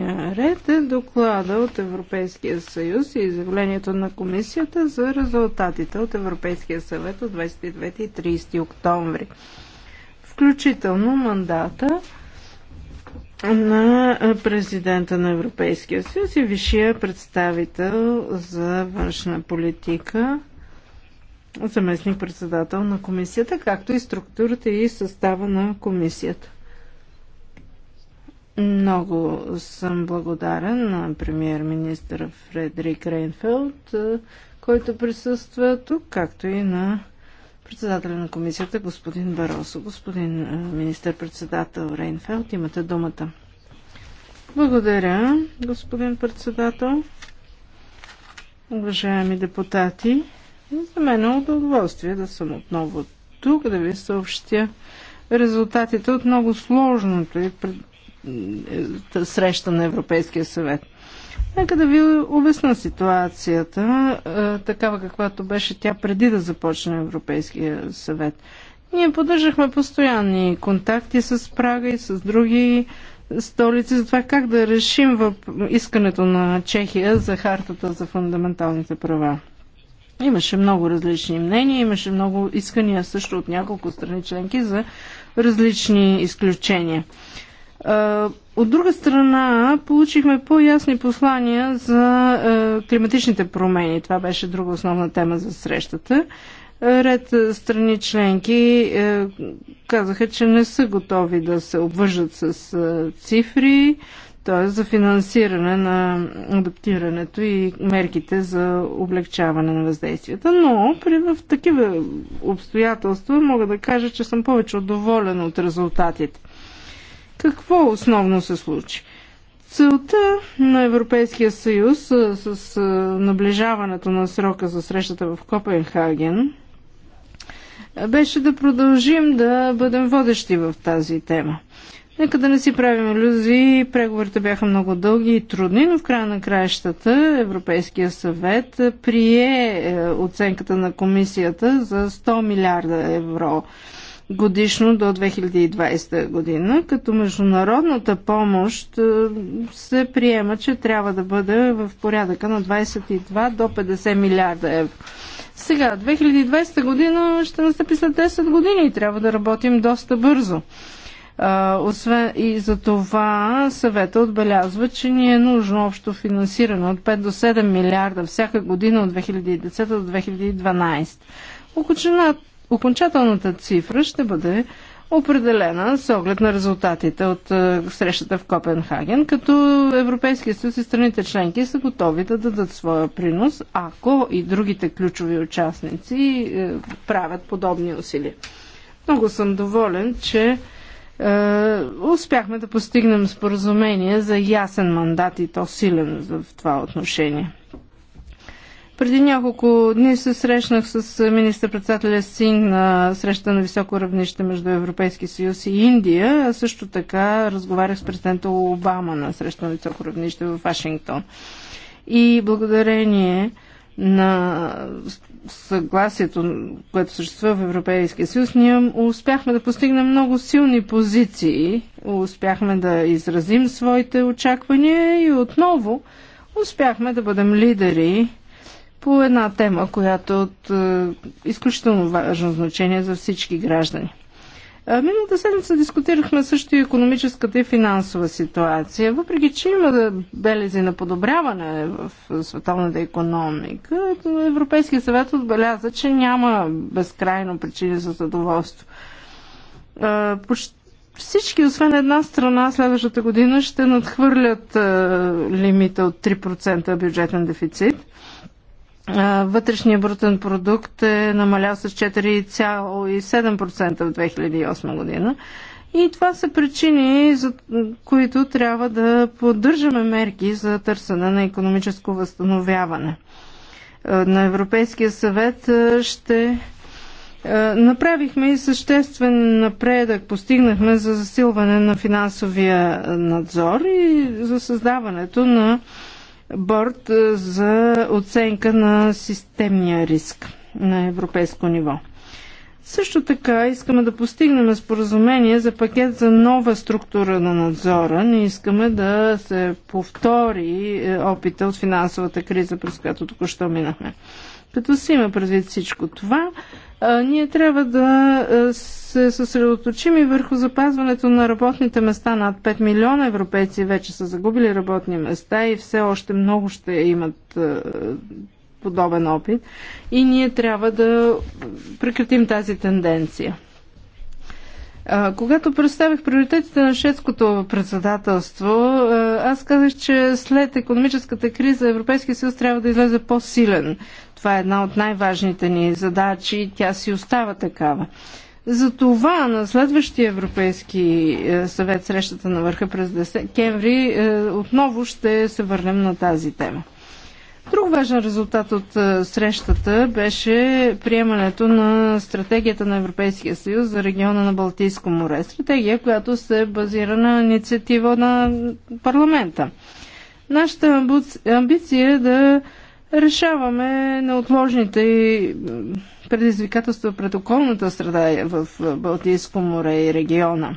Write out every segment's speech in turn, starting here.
Ред е доклада от Европейския съюз и изявлението на комисията за резултатите от Европейския съвет от 29 и 30 октомври. Включително мандата на президента на Европейския съюз и висшия представител за външна политика, заместник председател на комисията, както и структурата и състава на комисията. Много съм благодарен на премьер-министър Фредерик Рейнфелд, е, който присъства тук, както и на председателя на комисията господин Баросо. Господин е, министър-председател Рейнфелд, имате думата. Благодаря, господин председател. Уважаеми депутати, за мен е удоволствие да съм отново тук, да ви съобщя резултатите от много сложното и е, е, среща на Европейския съвет. Нека да ви обясна ситуацията, е, такава каквато беше тя преди да започне Европейския съвет. Ние поддържахме постоянни контакти с Прага и с други столици за това как да решим искането на Чехия за хартата за фундаменталните права. Имаше много различни мнения, имаше много искания също от няколко страни членки за различни изключения. От друга страна, получихме по-ясни послания за климатичните промени. Това беше друга основна тема за срещата. Ред страни членки казаха, че не са готови да се обвържат с цифри, т.е. за финансиране на адаптирането и мерките за облегчаване на въздействията. Но при в такива обстоятелства мога да кажа, че съм повече доволен от резултатите. Какво основно се случи? Целта на Европейския съюз с наближаването на срока за срещата в Копенхаген беше да продължим да бъдем водещи в тази тема. Нека да не си правим иллюзии, преговорите бяха много дълги и трудни, но в края на краищата Европейския съвет прие е, оценката на комисията за 100 милиарда евро годишно до 2020 година, като международната помощ е, се приема, че трябва да бъде в порядъка на 22 до 50 милиарда евро. Сега, 2020 година ще настъпи след 10 години и трябва да работим доста бързо. освен, и за това съвета отбелязва, че ни е нужно общо финансиране от 5 до 7 милиарда всяка година от 2010 до 2012. Около Окончателната цифра ще бъде определена с оглед на резултатите от е, срещата в Копенхаген, като Европейския съюз и страните членки са готови да дадат своя принос, ако и другите ключови участници е, правят подобни усилия. Много съм доволен, че е, успяхме да постигнем споразумение за ясен мандат и то силен в това отношение. Преди няколко дни се срещнах с министър-председателя Синг на среща на високо равнище между Европейски съюз и Индия, а също така разговарях с президента Обама на среща на високо равнище в Вашингтон. И благодарение на съгласието, което съществува в Европейския съюз, ние успяхме да постигнем много силни позиции, успяхме да изразим своите очаквания и отново успяхме да бъдем лидери по една тема, която е от е, изключително важно значение за всички граждани. Миналата седмица дискутирахме също и економическата и финансова ситуация. Въпреки, че има белези на подобряване в световната економика, Европейския съвет отбеляза, че няма безкрайно причини за задоволство. Почти всички, освен една страна, следващата година ще надхвърлят лимита от 3% бюджетен дефицит – вътрешния брутен продукт е намалял с 4,7% в 2008 година. И това са причини, за които трябва да поддържаме мерки за търсене на економическо възстановяване. На Европейския съвет ще Направихме и съществен напредък, постигнахме за засилване на финансовия надзор и за създаването на борт е, за оценка на системния риск на европейско ниво. Също така искаме да постигнем споразумение за пакет за нова структура на надзора. Не искаме да се повтори е, опита от финансовата криза, през която току-що минахме. Като се има предвид всичко това, ние трябва да се съсредоточим и върху запазването на работните места. Над 5 милиона европейци вече са загубили работни места и все още много ще имат подобен опит. И ние трябва да прекратим тази тенденция. Когато представих приоритетите на шведското председателство, аз казах, че след економическата криза Европейския съюз трябва да излезе по-силен това е една от най-важните ни задачи и тя си остава такава. Затова на следващия Европейски е, съвет, срещата на върха през декември, е, отново ще се върнем на тази тема. Друг важен резултат от е, срещата беше приемането на стратегията на Европейския съюз за региона на Балтийско море. Стратегия, която се базира на инициатива на парламента. Нашата амбиция е да решаваме неотложните предизвикателства пред околната среда в Балтийско море и региона.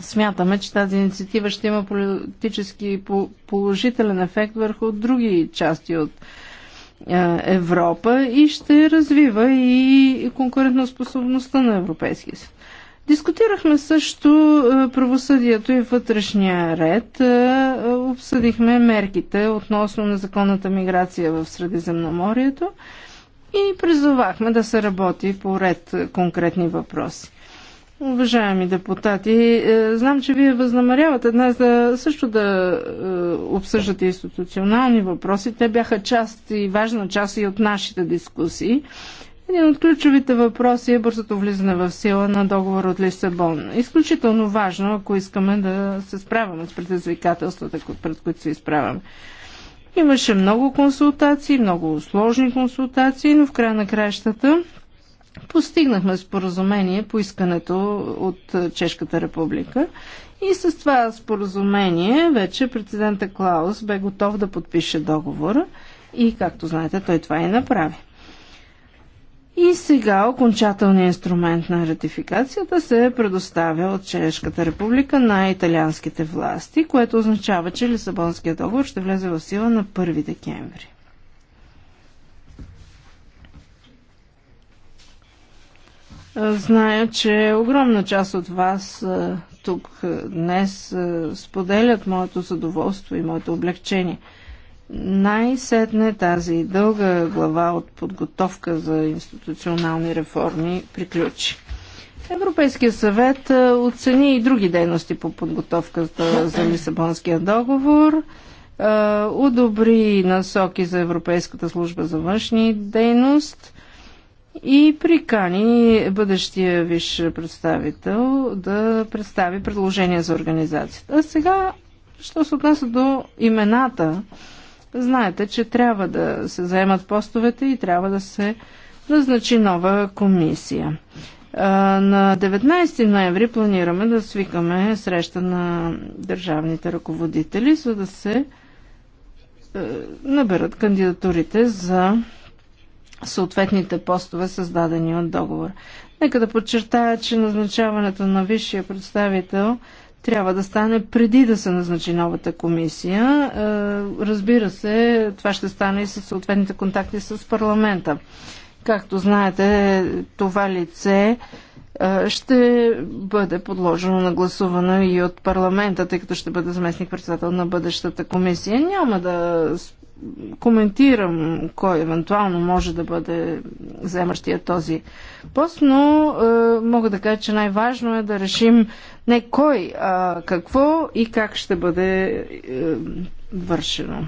Смятаме, че тази инициатива ще има политически положителен ефект върху други части от е, Европа и ще развива и конкурентоспособността на Европейския съюз. Дискутирахме също е, правосъдието и вътрешния ред. Е, обсъдихме мерките относно незаконната миграция в Средиземноморието и призовахме да се работи по ред конкретни въпроси. Уважаеми депутати, е, знам, че вие възнамерявате днес да, също да обсъждате институционални въпроси. Те бяха част и важна част и от нашите дискусии. Един от ключовите въпроси е бързото влизане в сила на договор от Лисабон. Изключително важно, ако искаме да се справяме с предизвикателствата, пред които се изправяме. Имаше много консултации, много сложни консултации, но в края на краищата постигнахме споразумение по искането от Чешката република. И с това споразумение вече президента Клаус бе готов да подпише договора и, както знаете, той това и направи. И сега окончателният инструмент на ратификацията се предоставя от Чешката република на италианските власти, което означава, че Лисабонският договор ще влезе в сила на 1 декември. Зная, че огромна част от вас тук днес споделят моето задоволство и моето облегчение – най-сетне тази дълга глава от подготовка за институционални реформи приключи. Европейския съвет е, оцени и други дейности по подготовката за Лисабонския договор, е, одобри насоки за Европейската служба за външни дейност и прикани бъдещия виш представител да представи предложение за организацията. А сега, що се отнася до имената, Знаете, че трябва да се заемат постовете и трябва да се назначи нова комисия. На 19 ноември планираме да свикаме среща на държавните ръководители, за да се е, наберат кандидатурите за съответните постове, създадени от договор. Нека да подчертая, че назначаването на висшия представител – трябва да стане преди да се назначи новата комисия. Е, разбира се, това ще стане и с съответните контакти с парламента. Както знаете, това лице е, ще бъде подложено на гласуване и от парламента, тъй като ще бъде заместник председател на бъдещата комисия. Няма да коментирам кой евентуално може да бъде вземащия този пост, но е, мога да кажа, че най-важно е да решим не кой, а какво и как ще бъде е, вършено.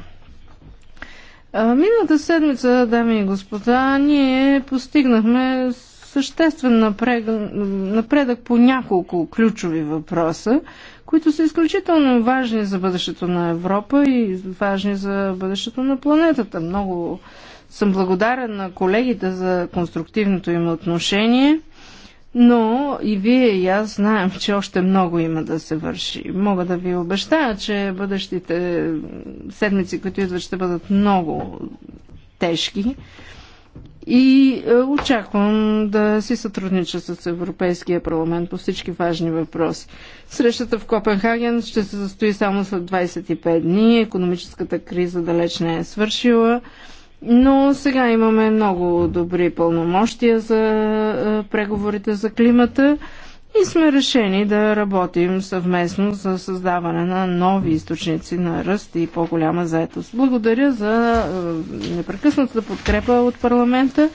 Миналата седмица, дами и господа, ние постигнахме съществен напред, напредък по няколко ключови въпроса, които са изключително важни за бъдещето на Европа и важни за бъдещето на планетата. Много съм благодарен на колегите за конструктивното им отношение – но и вие и аз знаем, че още много има да се върши. Мога да ви обещая, че бъдещите седмици, които идват, ще бъдат много тежки. И е, очаквам да си сътруднича с Европейския парламент по всички важни въпроси. Срещата в Копенхаген ще се състои само след 25 дни. Економическата криза далеч не е свършила. Но сега имаме много добри пълномощия за преговорите за климата и сме решени да работим съвместно за създаване на нови източници на ръст и по-голяма заетост. Благодаря за непрекъснатата подкрепа от парламента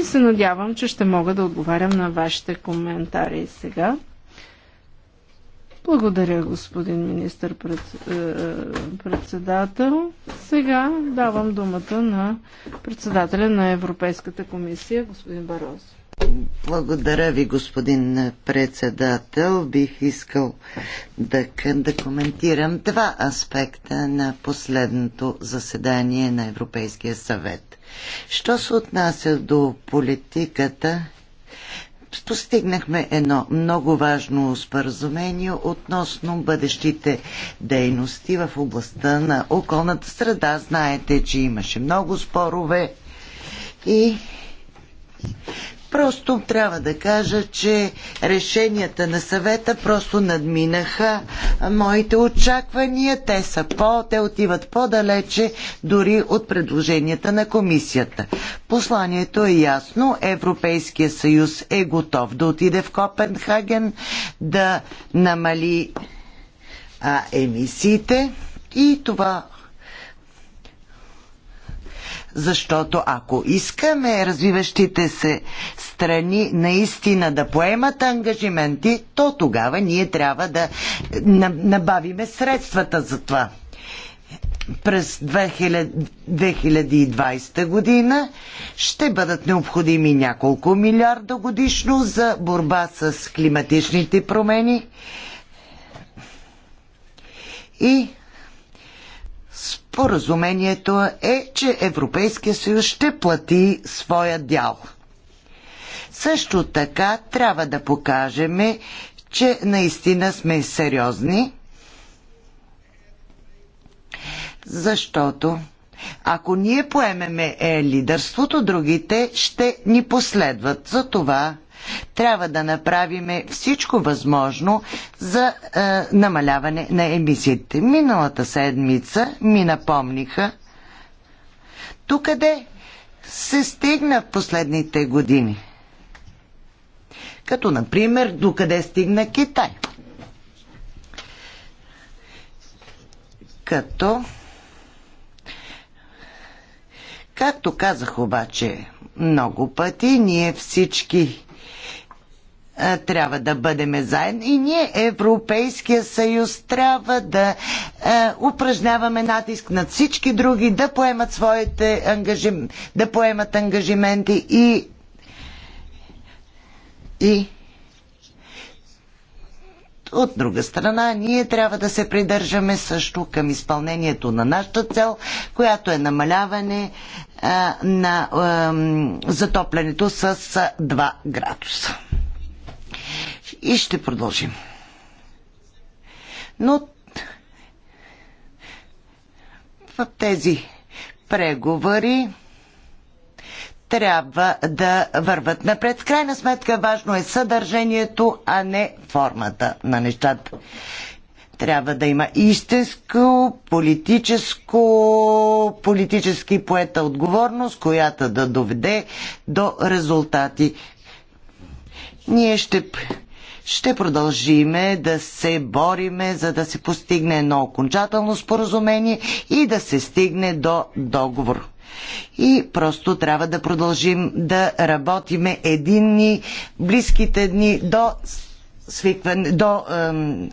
и се надявам, че ще мога да отговарям на вашите коментари сега. Благодаря, господин министър пред, е, председател. Сега давам думата на председателя на Европейската комисия, господин Бароз. Благодаря ви, господин председател. Бих искал да, да коментирам два аспекта на последното заседание на Европейския съвет. Що се отнася до политиката постигнахме едно много важно споразумение относно бъдещите дейности в областта на околната среда. Знаете, че имаше много спорове и Просто трябва да кажа, че решенията на съвета просто надминаха моите очаквания. Те са по, те отиват по-далече дори от предложенията на комисията. Посланието е ясно. Европейския съюз е готов да отиде в Копенхаген, да намали а, емисиите и това защото ако искаме развиващите се страни наистина да поемат ангажименти, то тогава ние трябва да набавиме средствата за това. През 2000, 2020 година ще бъдат необходими няколко милиарда годишно за борба с климатичните промени и Споразумението е, че Европейския съюз ще плати своя дял. Също така трябва да покажем, че наистина сме сериозни, защото ако ние поемеме е лидерството, другите ще ни последват. За това трябва да направим всичко възможно за е, намаляване на емисиите. Миналата седмица ми напомниха тук къде се стигна в последните години. Като, например, до къде стигна Китай. Като Както казах обаче много пъти, ние всички трябва да бъдем заедно и ние, Европейския съюз, трябва да е, упражняваме натиск над всички други да поемат своите ангажим... да поемат ангажименти и и от друга страна, ние трябва да се придържаме също към изпълнението на нашата цел, която е намаляване на затоплянето с 2 градуса и ще продължим. Но в тези преговори трябва да върват напред. В крайна сметка важно е съдържанието, а не формата на нещата. Трябва да има истинско политическо, политически поета отговорност, която да доведе до резултати. Ние ще ще продължиме да се бориме, за да се постигне едно окончателно споразумение и да се стигне до договор. И просто трябва да продължим да работиме единни близките дни до свикване, до ем,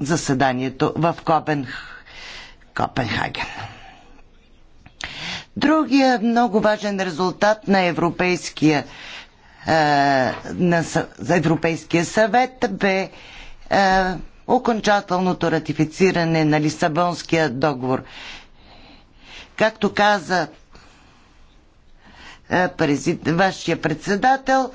заседанието в Копенх... Копенхаген. Другия много важен резултат на европейския е, на Европейския съвет бе е, окончателното ратифициране на Лисабонския договор. Както каза е, вашия председател,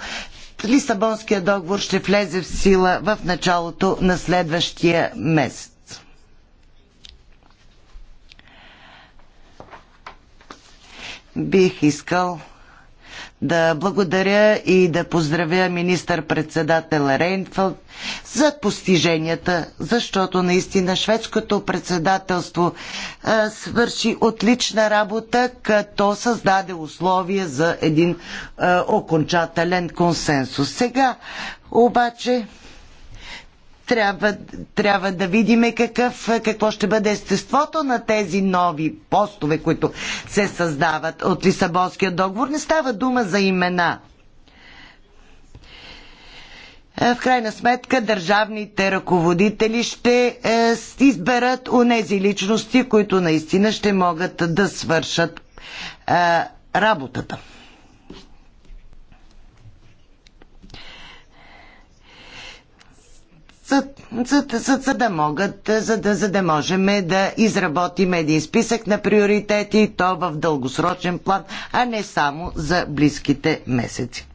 Лисабонския договор ще влезе в сила в началото на следващия месец. Бих искал да благодаря и да поздравя министър-председателя Рейнфелд за постиженията, защото наистина шведското председателство а, свърши отлична работа, като създаде условия за един а, окончателен консенсус. Сега обаче трябва, трябва да видим какъв, какво ще бъде естеството на тези нови постове, които се създават от Лисабонския договор. Не става дума за имена. Е, в крайна сметка държавните ръководители ще е, изберат нези личности, които наистина ще могат да свършат е, работата. за, за, за, за да могат, за да, за да можем да изработим един списък на приоритети и то в дългосрочен план, а не само за близките месеци.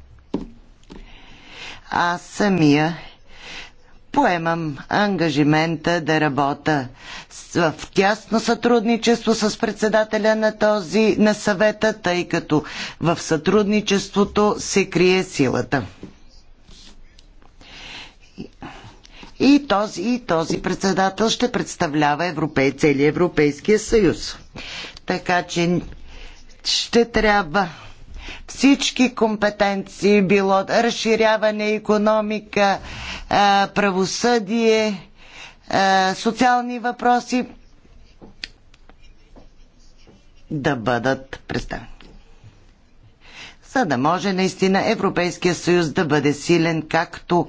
Аз самия поемам ангажимента да работя в тясно сътрудничество с председателя на този на съвета, тъй като в сътрудничеството се крие силата и този, и този председател ще представлява Европей, целия Европейския съюз. Така че ще трябва всички компетенции, било разширяване, економика, правосъдие, социални въпроси, да бъдат представени. За да може наистина Европейския съюз да бъде силен както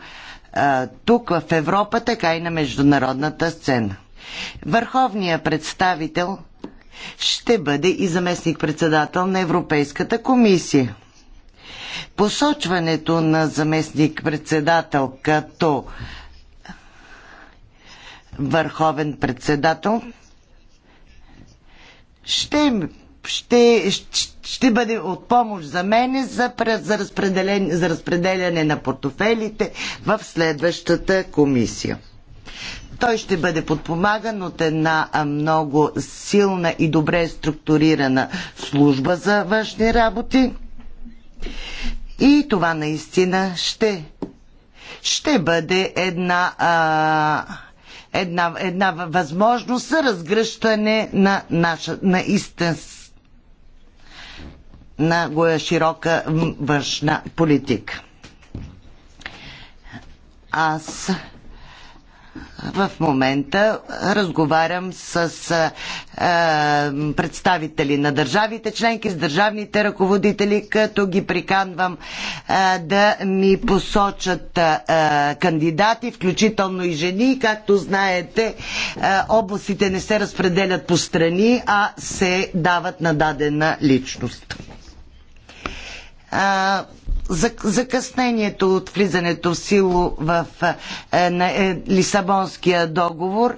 тук в Европа, така и на международната сцена. Върховният представител ще бъде и заместник-председател на Европейската комисия. Посочването на заместник-председател като върховен председател ще ще, ще бъде от помощ за мене за, за, за разпределяне на портофелите в следващата комисия. Той ще бъде подпомаган от една много силна и добре структурирана служба за външни работи. И това наистина ще, ще бъде една, а, една, една възможност за разгръщане на, наша, на истинска на широка външна политика. Аз в момента разговарям с е, представители на държавите членки, с държавните ръководители, като ги приканвам е, да ми посочат е, кандидати, включително и жени. Както знаете, областите не се разпределят по страни, а се дават на дадена личност а, закъснението от влизането в сило в на, е, Лисабонския договор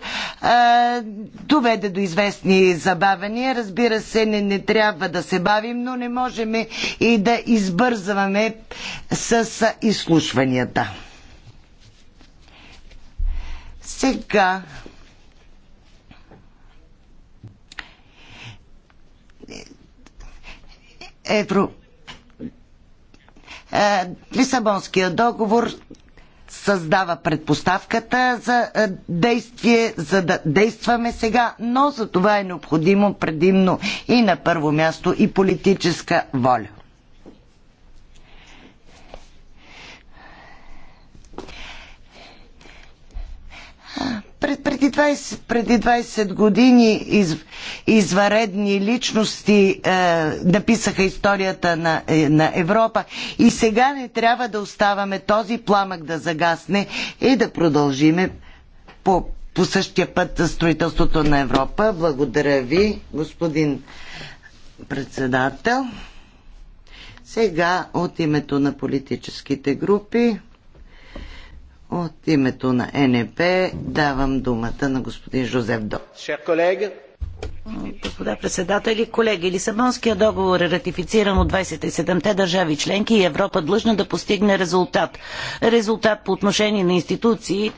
доведе до известни забавения. Разбира се, не, не трябва да се бавим, но не можем и да избързваме с изслушванията. Сега Евро е, Лисабонския договор създава предпоставката за е, действие, за да действаме сега, но за това е необходимо предимно и на първо място и политическа воля пред, преди, 20, преди 20 години из, изваредни личности е, написаха историята на, е, на Европа и сега не трябва да оставаме този пламък да загасне и да продължиме по, по същия път строителството на Европа. Благодаря ви, господин председател. Сега от името на политическите групи от името на НП давам думата на господин Жозеф До. Господа председатели, колеги, Лисабонския договор е ратифициран от 27-те държави членки и Европа длъжна да постигне резултат. Резултат по отношение на институции,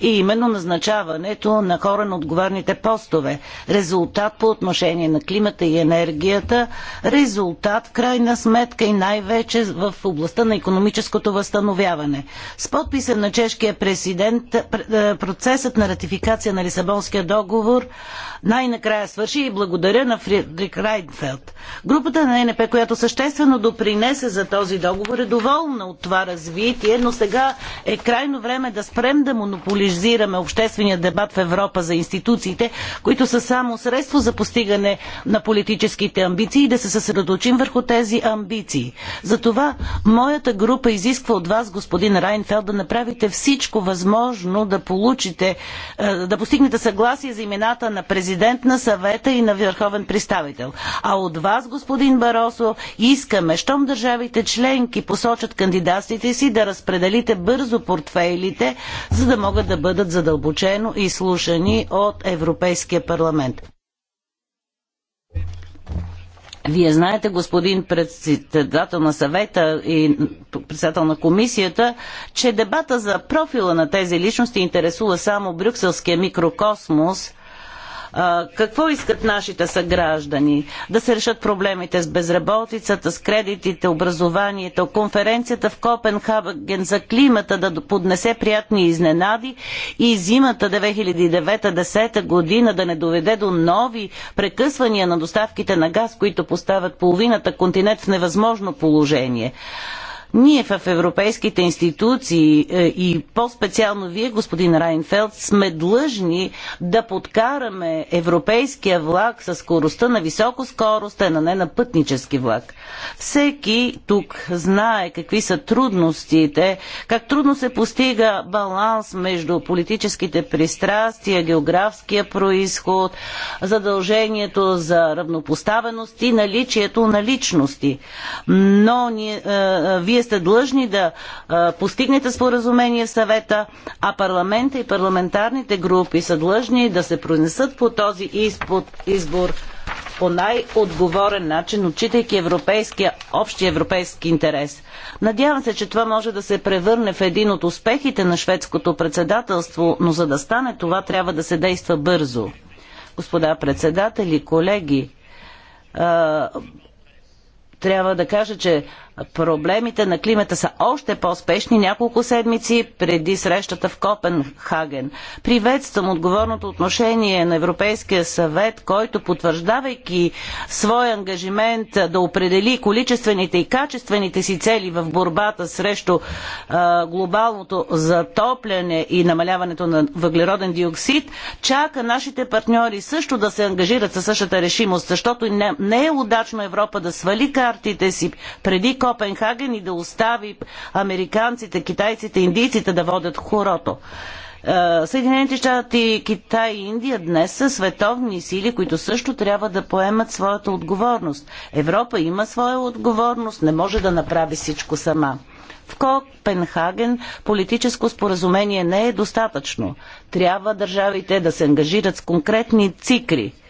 и именно назначаването на хора на отговорните постове. Резултат по отношение на климата и енергията, резултат в крайна сметка и най-вече в областта на економическото възстановяване. С подписа на чешкия президент е, процесът на ратификация на Лисабонския договор най-накрая свърши и благодаря на Фридрик Райнфелд. Групата на НП, която съществено допринесе за този договор, е доволна от това развитие, но сега е крайно време да спрем да монополизираме обществения дебат в Европа за институциите, които са само средство за постигане на политическите амбиции и да се съсредоточим върху тези амбиции. Затова моята група изисква от вас, господин Райнфелд, да направите всичко възможно да получите, е, да постигнете съгласие за имената на президент на съвета и на върховен представител. А от вас, господин Баросо, искаме, щом държавите членки посочат кандидатите си, да разпределите бързо портфейлите, за да могат да бъдат задълбочено изслушани от Европейския парламент. Вие знаете, господин председател на съвета и председател на комисията, че дебата за профила на тези личности интересува само брюкселския микрокосмос какво искат нашите съграждани? Да се решат проблемите с безработицата, с кредитите, образованието. Конференцията в Копенхаген за климата да поднесе приятни изненади и зимата 2009-2010 година да не доведе до нови прекъсвания на доставките на газ, които поставят половината континент в невъзможно положение. Ние в европейските институции е, и по-специално вие, господин Райнфелд, сме длъжни да подкараме европейския влак със скоростта на високо скорост, а не на пътнически влак. Всеки тук знае какви са трудностите, как трудно се постига баланс между политическите пристрастия, географския происход, задължението за равнопоставеност и наличието на личности. Но ние, е, е, вие вие сте длъжни да а, постигнете споразумение в съвета, а парламента и парламентарните групи са длъжни да се произнесат по този изпод, избор по най-отговорен начин, отчитайки европейския, общи европейски интерес. Надявам се, че това може да се превърне в един от успехите на шведското председателство, но за да стане това трябва да се действа бързо. Господа председатели, колеги, а, трябва да кажа, че Проблемите на климата са още по-спешни няколко седмици преди срещата в Копенхаген. Приветствам отговорното отношение на Европейския съвет, който потвърждавайки своя ангажимент да определи количествените и качествените си цели в борбата срещу а, глобалното затопляне и намаляването на въглероден диоксид, чака нашите партньори също да се ангажират със същата решимост, защото не, не е удачно Европа да свали картите си преди Копенхаген и да остави американците, китайците, индийците да водят хорото. Е, Съединените щати, Китай и Индия днес са световни сили, които също трябва да поемат своята отговорност. Европа има своя отговорност, не може да направи всичко сама. В Копенхаген политическо споразумение не е достатъчно. Трябва държавите да се ангажират с конкретни цикли –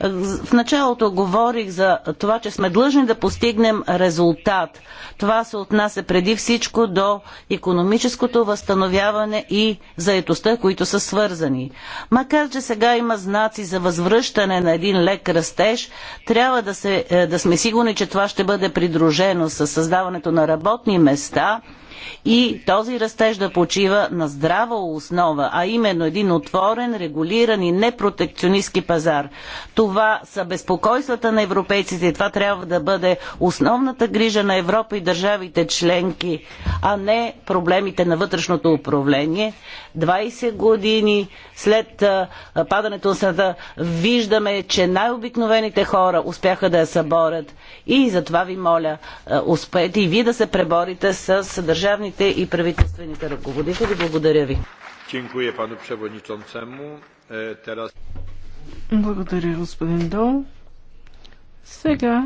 в началото говорих за това, че сме длъжни да постигнем резултат. Това се отнася преди всичко до економическото възстановяване и заетостта, които са свързани. Макар, че сега има знаци за възвръщане на един лек растеж, трябва да, се, е, да сме сигурни, че това ще бъде придружено с създаването на работни места – и този растеж да почива на здрава основа, а именно един отворен, регулиран и непротекционистски пазар. Това са безпокойствата на европейците и това трябва да бъде основната грижа на Европа и държавите членки, а не проблемите на вътрешното управление, 20 години след падането на страната виждаме, че най-обикновените хора успяха да я съборят. И затова ви моля, успейте и вие да се преборите с държавните и правителствените ръководители. Благодаря ви. E, Благодаря, господин Дол. Сега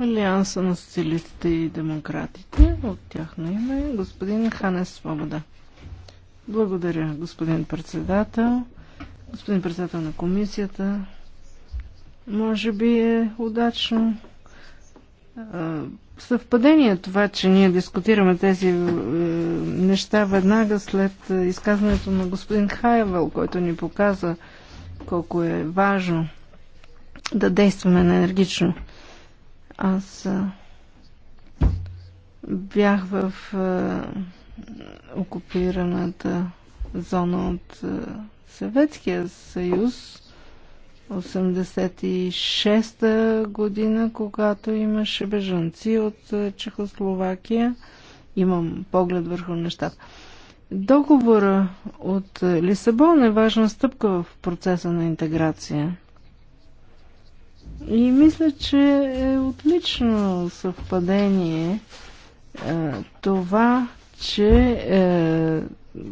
Алианса на социалистите и демократите от тяхно име господин Ханес Свобода. Благодаря, господин председател. Господин председател на комисията, може би е удачно съвпадение това, че ние дискутираме тези е, неща веднага след е, изказването на господин Хайвел, който ни показа колко е важно да действаме енергично. Аз е, Бях в е, окупираната зона от е, Съветския съюз 86-та година, когато имаше бежанци от е, Чехословакия. Имам поглед върху нещата. Договора от Лисабон е важна стъпка в процеса на интеграция. И мисля, че е отлично съвпадение е, това, че е,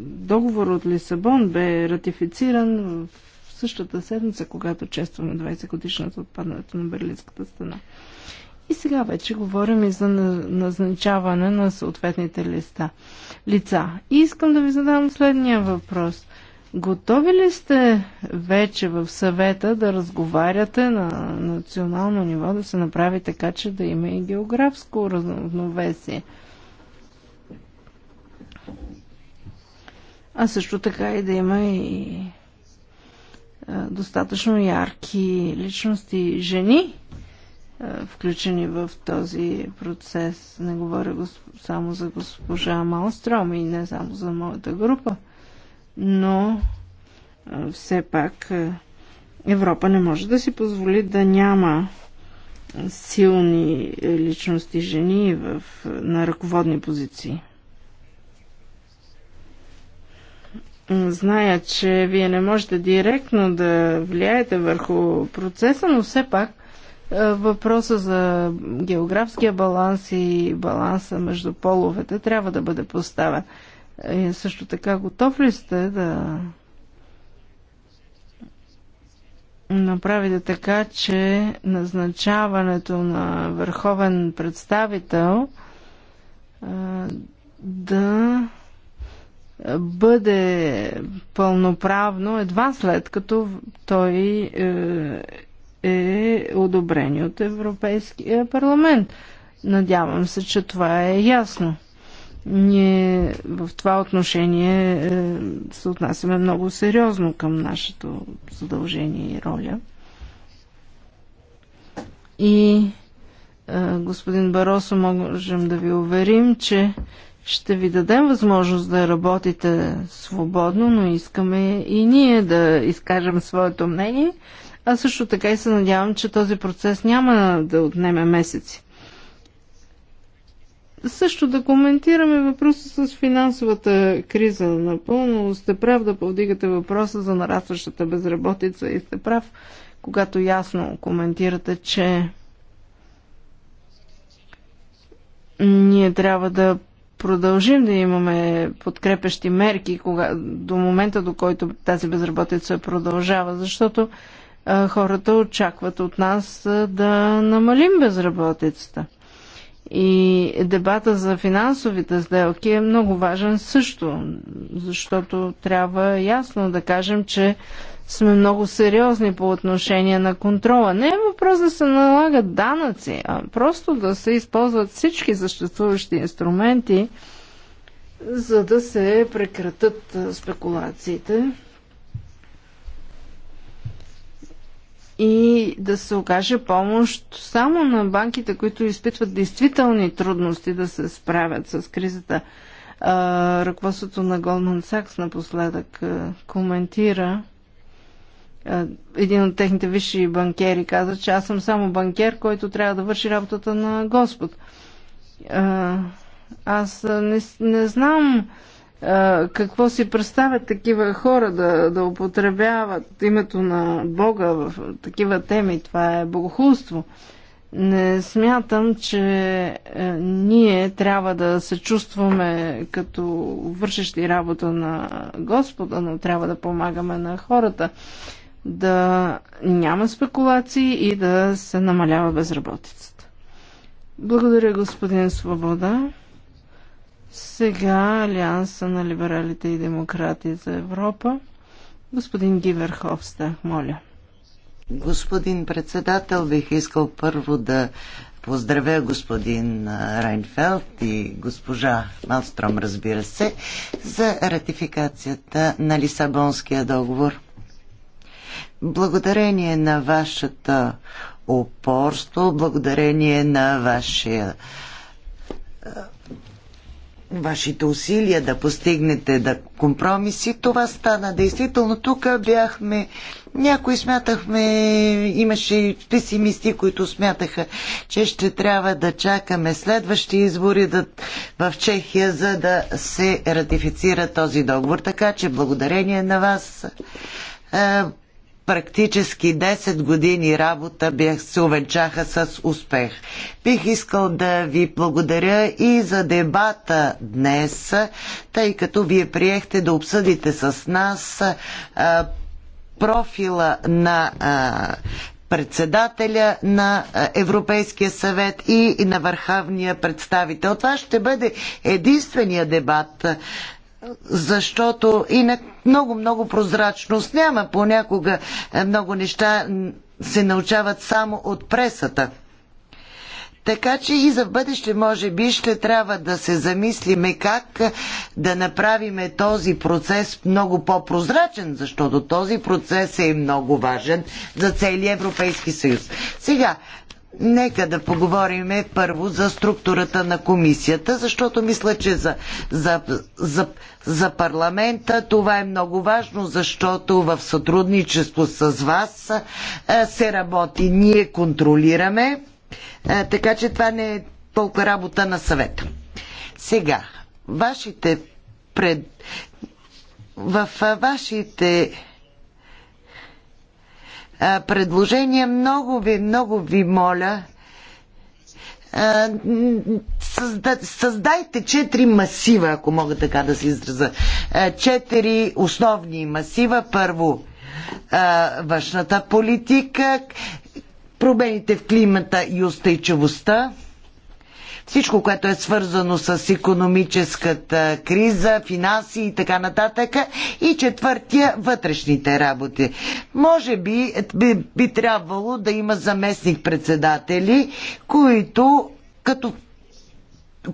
договор от Лисабон бе ратифициран в същата седмица, когато честваме 20 годишната отпадането на Берлинската стена. И сега вече говорим и за назначаване на съответните листа, лица. И искам да ви задам следния въпрос. Готови ли сте вече в съвета да разговаряте на национално ниво, да се направи така, че да има и географско разновесие? А също така и да има и достатъчно ярки личности жени, включени в този процес. Не говоря само за госпожа Малстром и не само за моята група но все пак Европа не може да си позволи да няма силни личности жени в, на ръководни позиции. Зная, че вие не можете директно да влияете върху процеса, но все пак въпроса за географския баланс и баланса между половете трябва да бъде поставен. Е, също така, готов ли сте да направите така, че назначаването на върховен представител да бъде пълноправно едва след като той е, е одобрен от Европейския парламент. Надявам се, че това е ясно. Ние в това отношение е, се отнасяме много сериозно към нашето задължение и роля. И е, господин Баросо, можем да ви уверим, че ще ви дадем възможност да работите свободно, но искаме и ние да изкажем своето мнение. А също така и се надявам, че този процес няма да отнеме месеци. Също да коментираме въпроса с финансовата криза. Напълно сте прав да повдигате въпроса за нарастващата безработица и сте прав, когато ясно коментирате, че ние трябва да продължим да имаме подкрепещи мерки кога, до момента, до който тази безработица продължава, защото а, хората очакват от нас а, да намалим безработицата. И дебата за финансовите сделки е много важен също, защото трябва ясно да кажем, че сме много сериозни по отношение на контрола. Не е въпрос да се налагат данъци, а просто да се използват всички съществуващи инструменти, за да се прекратат спекулациите. и да се окаже помощ само на банките, които изпитват действителни трудности да се справят с кризата. Ръководството на Goldman Sachs напоследък коментира един от техните висши банкери каза, че аз съм само банкер, който трябва да върши работата на Господ. Аз не, не знам какво си представят такива хора да, да употребяват името на Бога в такива теми. Това е богохулство. Не смятам, че е, ние трябва да се чувстваме като вършещи работа на Господа, но трябва да помагаме на хората да няма спекулации и да се намалява безработицата. Благодаря, господин Свобода. Сега Алианса на либералите и демократи за Европа. Господин Гиверховста, моля. Господин председател, бих искал първо да поздравя господин Райнфелд и госпожа Малстром, разбира се, за ратификацията на Лисабонския договор. Благодарение на вашата упорство, благодарение на вашия вашите усилия да постигнете да компромиси. Това стана действително. Тук бяхме, някои смятахме, имаше и песимисти, които смятаха, че ще трябва да чакаме следващи избори да, в Чехия, за да се ратифицира този договор. Така че благодарение на вас е, практически 10 години работа бях, се увенчаха с успех. Бих искал да ви благодаря и за дебата днес, тъй като вие приехте да обсъдите с нас а, профила на а, председателя на Европейския съвет и на върховния представител. Това ще бъде единствения дебат защото инак много-много прозрачност няма. Понякога е, много неща се научават само от пресата. Така че и за бъдеще, може би, ще трябва да се замислиме как е, да направим този процес много по-прозрачен, защото този процес е много важен за целия Европейски съюз. Сега, Нека да поговорим първо за структурата на комисията, защото мисля, че за, за, за, за парламента това е много важно, защото в сътрудничество с вас е, се работи. Ние контролираме, е, така че това не е толкова работа на съвета. Сега, вашите пред... в вашите предложения. Много ви, много ви моля, създайте четири масива, ако мога така да се израза. Четири основни масива. Първо, външната политика, промените в климата и устойчивостта всичко, което е свързано с економическата криза, финанси и така нататък. И четвъртия вътрешните работи. Може би би, би трябвало да има заместник-председатели, които като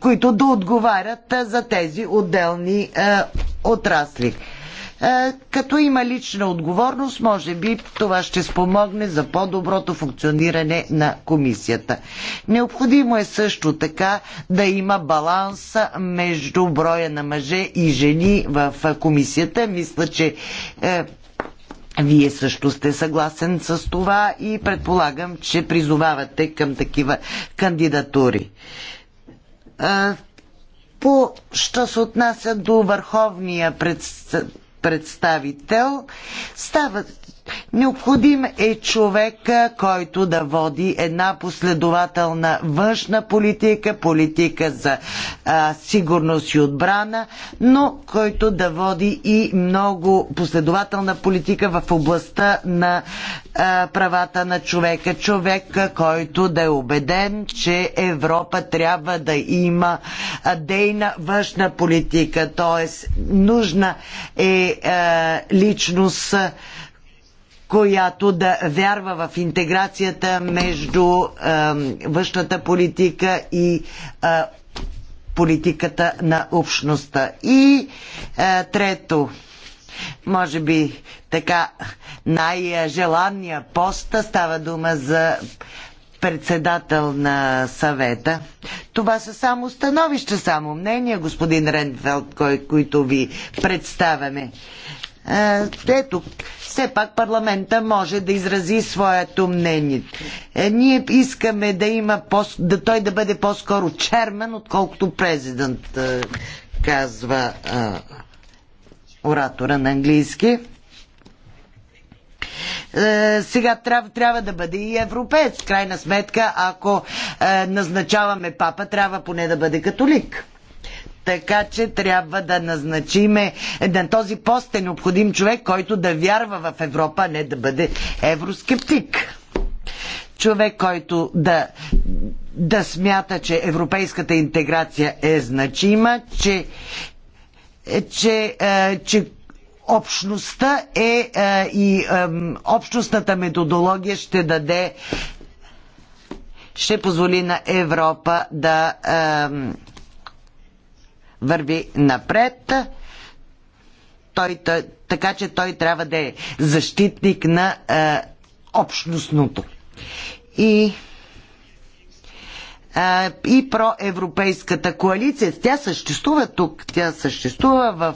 които да отговарят за тези отделни е, отрасли. Е, като има лична отговорност, може би това ще спомогне за по-доброто функциониране на комисията. Необходимо е също така да има баланс между броя на мъже и жени в комисията. Мисля, че е, вие също сте съгласен с това и предполагам, че призовавате към такива кандидатури. Е, по, що се отнася до върховния представител, представител. Става, Необходим е човек, който да води една последователна външна политика, политика за а, сигурност и отбрана, но който да води и много последователна политика в областта на а, правата на човека. Човек, който да е убеден, че Европа трябва да има дейна външна политика, т.е. нужна е а, личност, която да вярва в интеграцията между е, външната политика и е, политиката на общността. И е, трето, може би така най-желанния пост става дума за председател на съвета. Това са само становища, само мнения, господин Ренфелд, кой, които ви представяме. Е, ето, все пак парламента може да изрази своето мнение. Е, ние искаме да има по, да той да бъде по-скоро чермен, отколкото президент, е, казва оратора на английски сега трябва, трябва, да бъде и европеец. крайна сметка, ако е, назначаваме папа, трябва поне да бъде католик. Така че трябва да назначиме на този пост е необходим човек, който да вярва в Европа, а не да бъде евроскептик. Човек, който да, да смята, че европейската интеграция е значима, че, че, е, че общността е, е и е, общностната методология ще даде ще позволи на Европа да върви напред. Той, той, така че той трябва да е защитник на е, общностното. И и проевропейската коалиция. Тя съществува тук, тя съществува в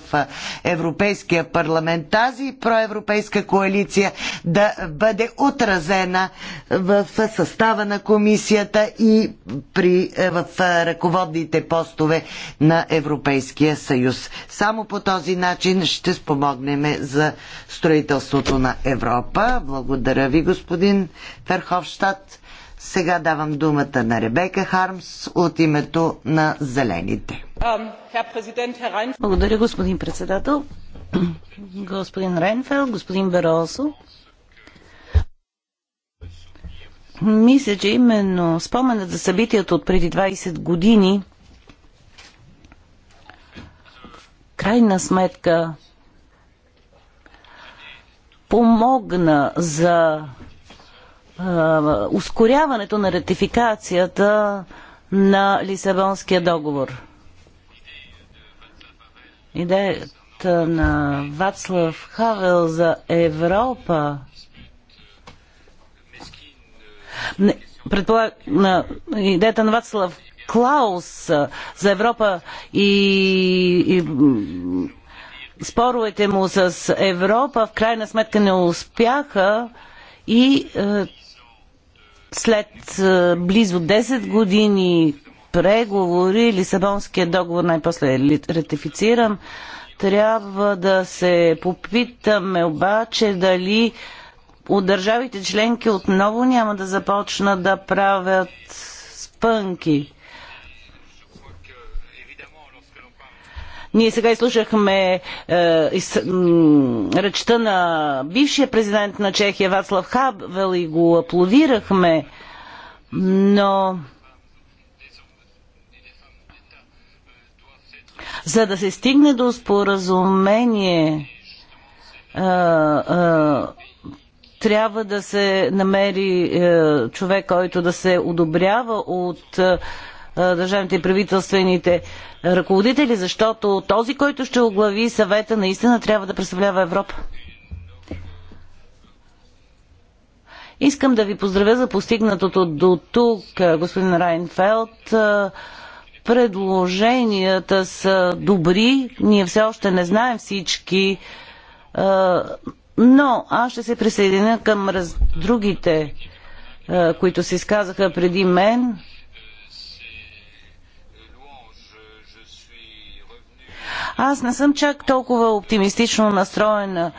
Европейския парламент. Тази проевропейска коалиция да бъде отразена в състава на комисията и при, е, в ръководните постове на Европейския съюз. Само по този начин ще спомогнем за строителството на Европа. Благодаря ви, господин Ферховщад. Сега давам думата на Ребека Хармс от името на Зелените. Um, Благодаря, господин председател. Господин Рейнфелд, господин Беросо. Мисля, че именно споменът за събитието от преди 20 години крайна сметка помогна за ускоряването на ратификацията на Лисабонския договор. Идеята на Вацлав Хавел за Европа не, идеята на Вацлав Клаус за Европа и, и споровете му с Европа в крайна сметка не успяха и е, след близо 10 години преговори Лисабонският договор най-после е ратифициран. Трябва да се попитаме обаче дали от държавите членки отново няма да започнат да правят спънки. Ние сега изслушахме е, из, речта на бившия президент на Чехия Вацлав Хавел и го аплодирахме, но за да се стигне до споразумение е, е, трябва да се намери е, човек, който да се одобрява от е, държавните и правителствените ръководители, защото този, който ще оглави съвета, наистина трябва да представлява Европа. Искам да ви поздравя за постигнатото до тук, господин Райнфелд. Предложенията са добри, ние все още не знаем всички, но аз ще се присъединя към раз... другите, които се изказаха преди мен. Аз не съм чак толкова оптимистично настроена.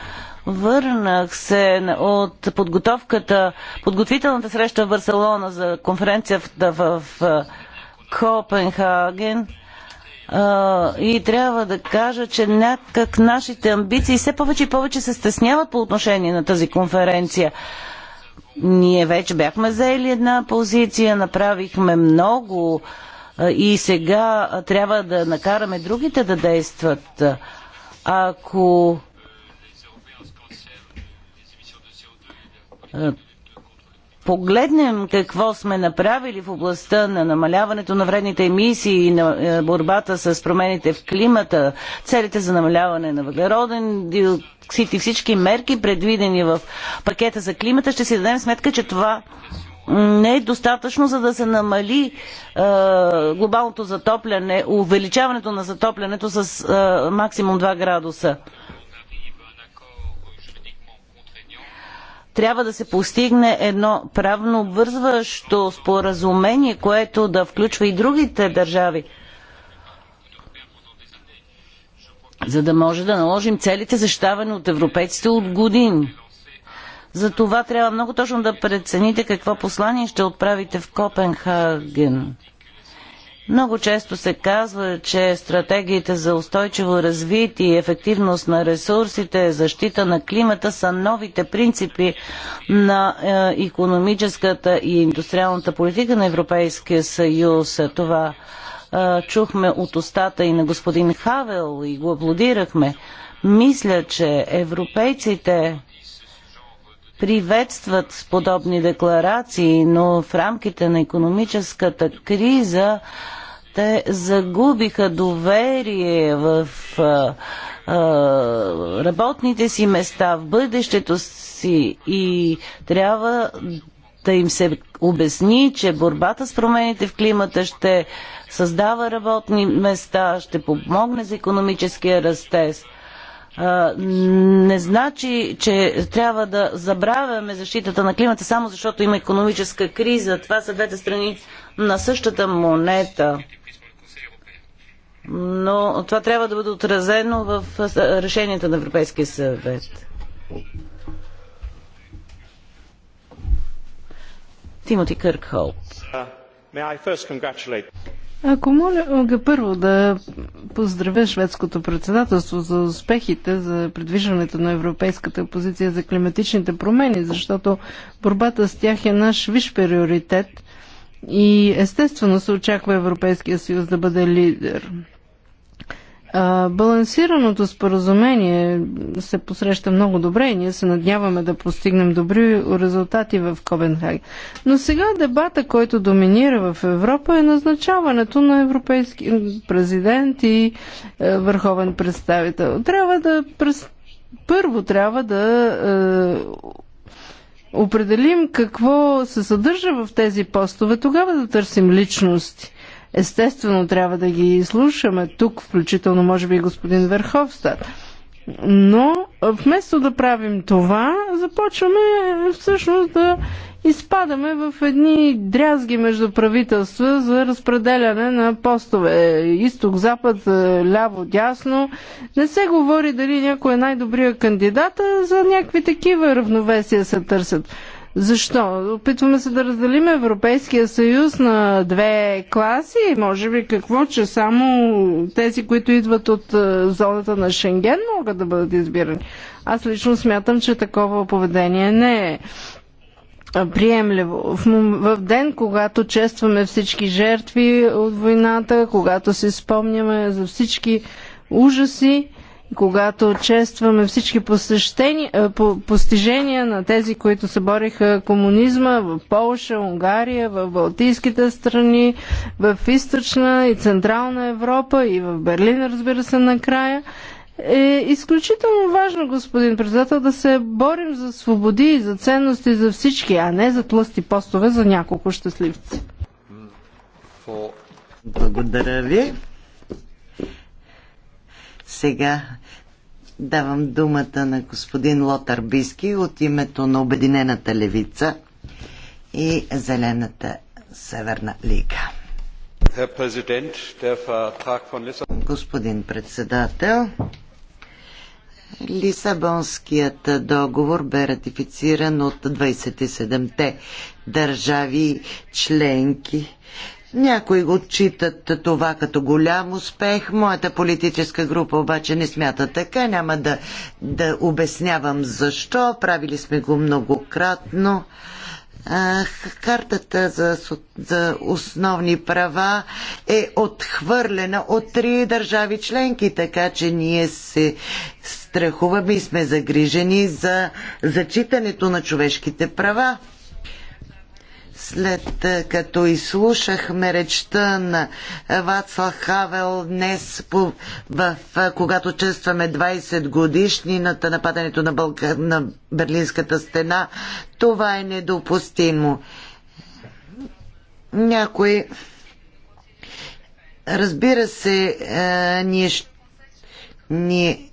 Върнах се от подготовката, подготвителната среща в Барселона за конференцията в, в Копенхаген и трябва да кажа, че някак нашите амбиции все повече и повече се стесняват по отношение на тази конференция. Ние вече бяхме заели една позиция, направихме много и сега трябва да накараме другите да действат. Ако погледнем какво сме направили в областта на намаляването на вредните емисии и на борбата с промените в климата, целите за намаляване на въглероден диоксид и всички мерки, предвидени в пакета за климата, ще си дадем сметка, че това не е достатъчно, за да се намали е, глобалното затопляне, увеличаването на затоплянето с е, максимум 2 градуса. Трябва да се постигне едно правно обвързващо споразумение, което да включва и другите държави. За да може да наложим целите, защитавани от европейците от години. За това трябва много точно да прецените какво послание ще отправите в Копенхаген. Много често се казва, че стратегиите за устойчиво развитие и ефективност на ресурсите, защита на климата са новите принципи на економическата и индустриалната политика на Европейския съюз. Това е, чухме от устата и на господин Хавел и го аплодирахме. Мисля, че европейците приветстват подобни декларации, но в рамките на економическата криза те загубиха доверие в а, а, работните си места, в бъдещето си и трябва да им се обясни, че борбата с промените в климата ще създава работни места, ще помогне за економическия растест не значи, че трябва да забравяме защитата на климата само защото има економическа криза. Това са двете страни на същата монета. Но това трябва да бъде отразено в решението на Европейския съвет. Тимоти Къркхолп. Ако Олга, първо да поздравя шведското председателство за успехите за придвижването на европейската позиция за климатичните промени, защото борбата с тях е наш виш приоритет и естествено се очаква Европейския съюз да бъде лидер. Балансираното споразумение се посреща много добре и ние се надяваме да постигнем добри резултати в Копенхаген. Но сега дебата, който доминира в Европа е назначаването на европейски президент и е, върховен представител. Трябва да през... първо трябва да е, определим какво се съдържа в тези постове, тогава да търсим личности. Естествено, трябва да ги изслушаме тук, включително, може би, господин Верховстат. Но, вместо да правим това, започваме е, всъщност да изпадаме в едни дрязги между правителства за разпределяне на постове. Изток, запад, е, ляво, дясно. Не се говори дали някой е най-добрия кандидат, а за някакви такива равновесия се търсят. Защо? Опитваме се да разделим Европейския съюз на две класи. Може би какво, че само тези, които идват от е, зоната на Шенген, могат да бъдат избирани. Аз лично смятам, че такова поведение не е, е приемливо. В, в ден, когато честваме всички жертви от войната, когато си спомняме за всички ужаси, когато честваме всички е, постижения на тези, които се бориха комунизма в Полша, Унгария, в Балтийските страни, в Източна и Централна Европа и в Берлин, разбира се, накрая. Е изключително важно, господин председател, да се борим за свободи и за ценности за всички, а не за тлъсти постове за няколко щастливци. Благодаря ви. Сега Давам думата на господин Лотар Биски от името на Обединената левица и Зелената Северна лига. Господин председател, Лисабонският договор бе ратифициран от 27-те държави членки някои го отчитат това като голям успех. Моята политическа група обаче не смята така. Няма да, да обяснявам защо. Правили сме го многократно. Картата за, за основни права е отхвърлена от три държави членки, така че ние се страхуваме и сме загрижени за зачитането на човешките права след е, като изслушахме речта на Вацла Хавел днес, по, в, е, когато честваме 20 годишнината на падането на, Бълка, на Берлинската стена, това е недопустимо. Някои. Разбира се, е, ние, ние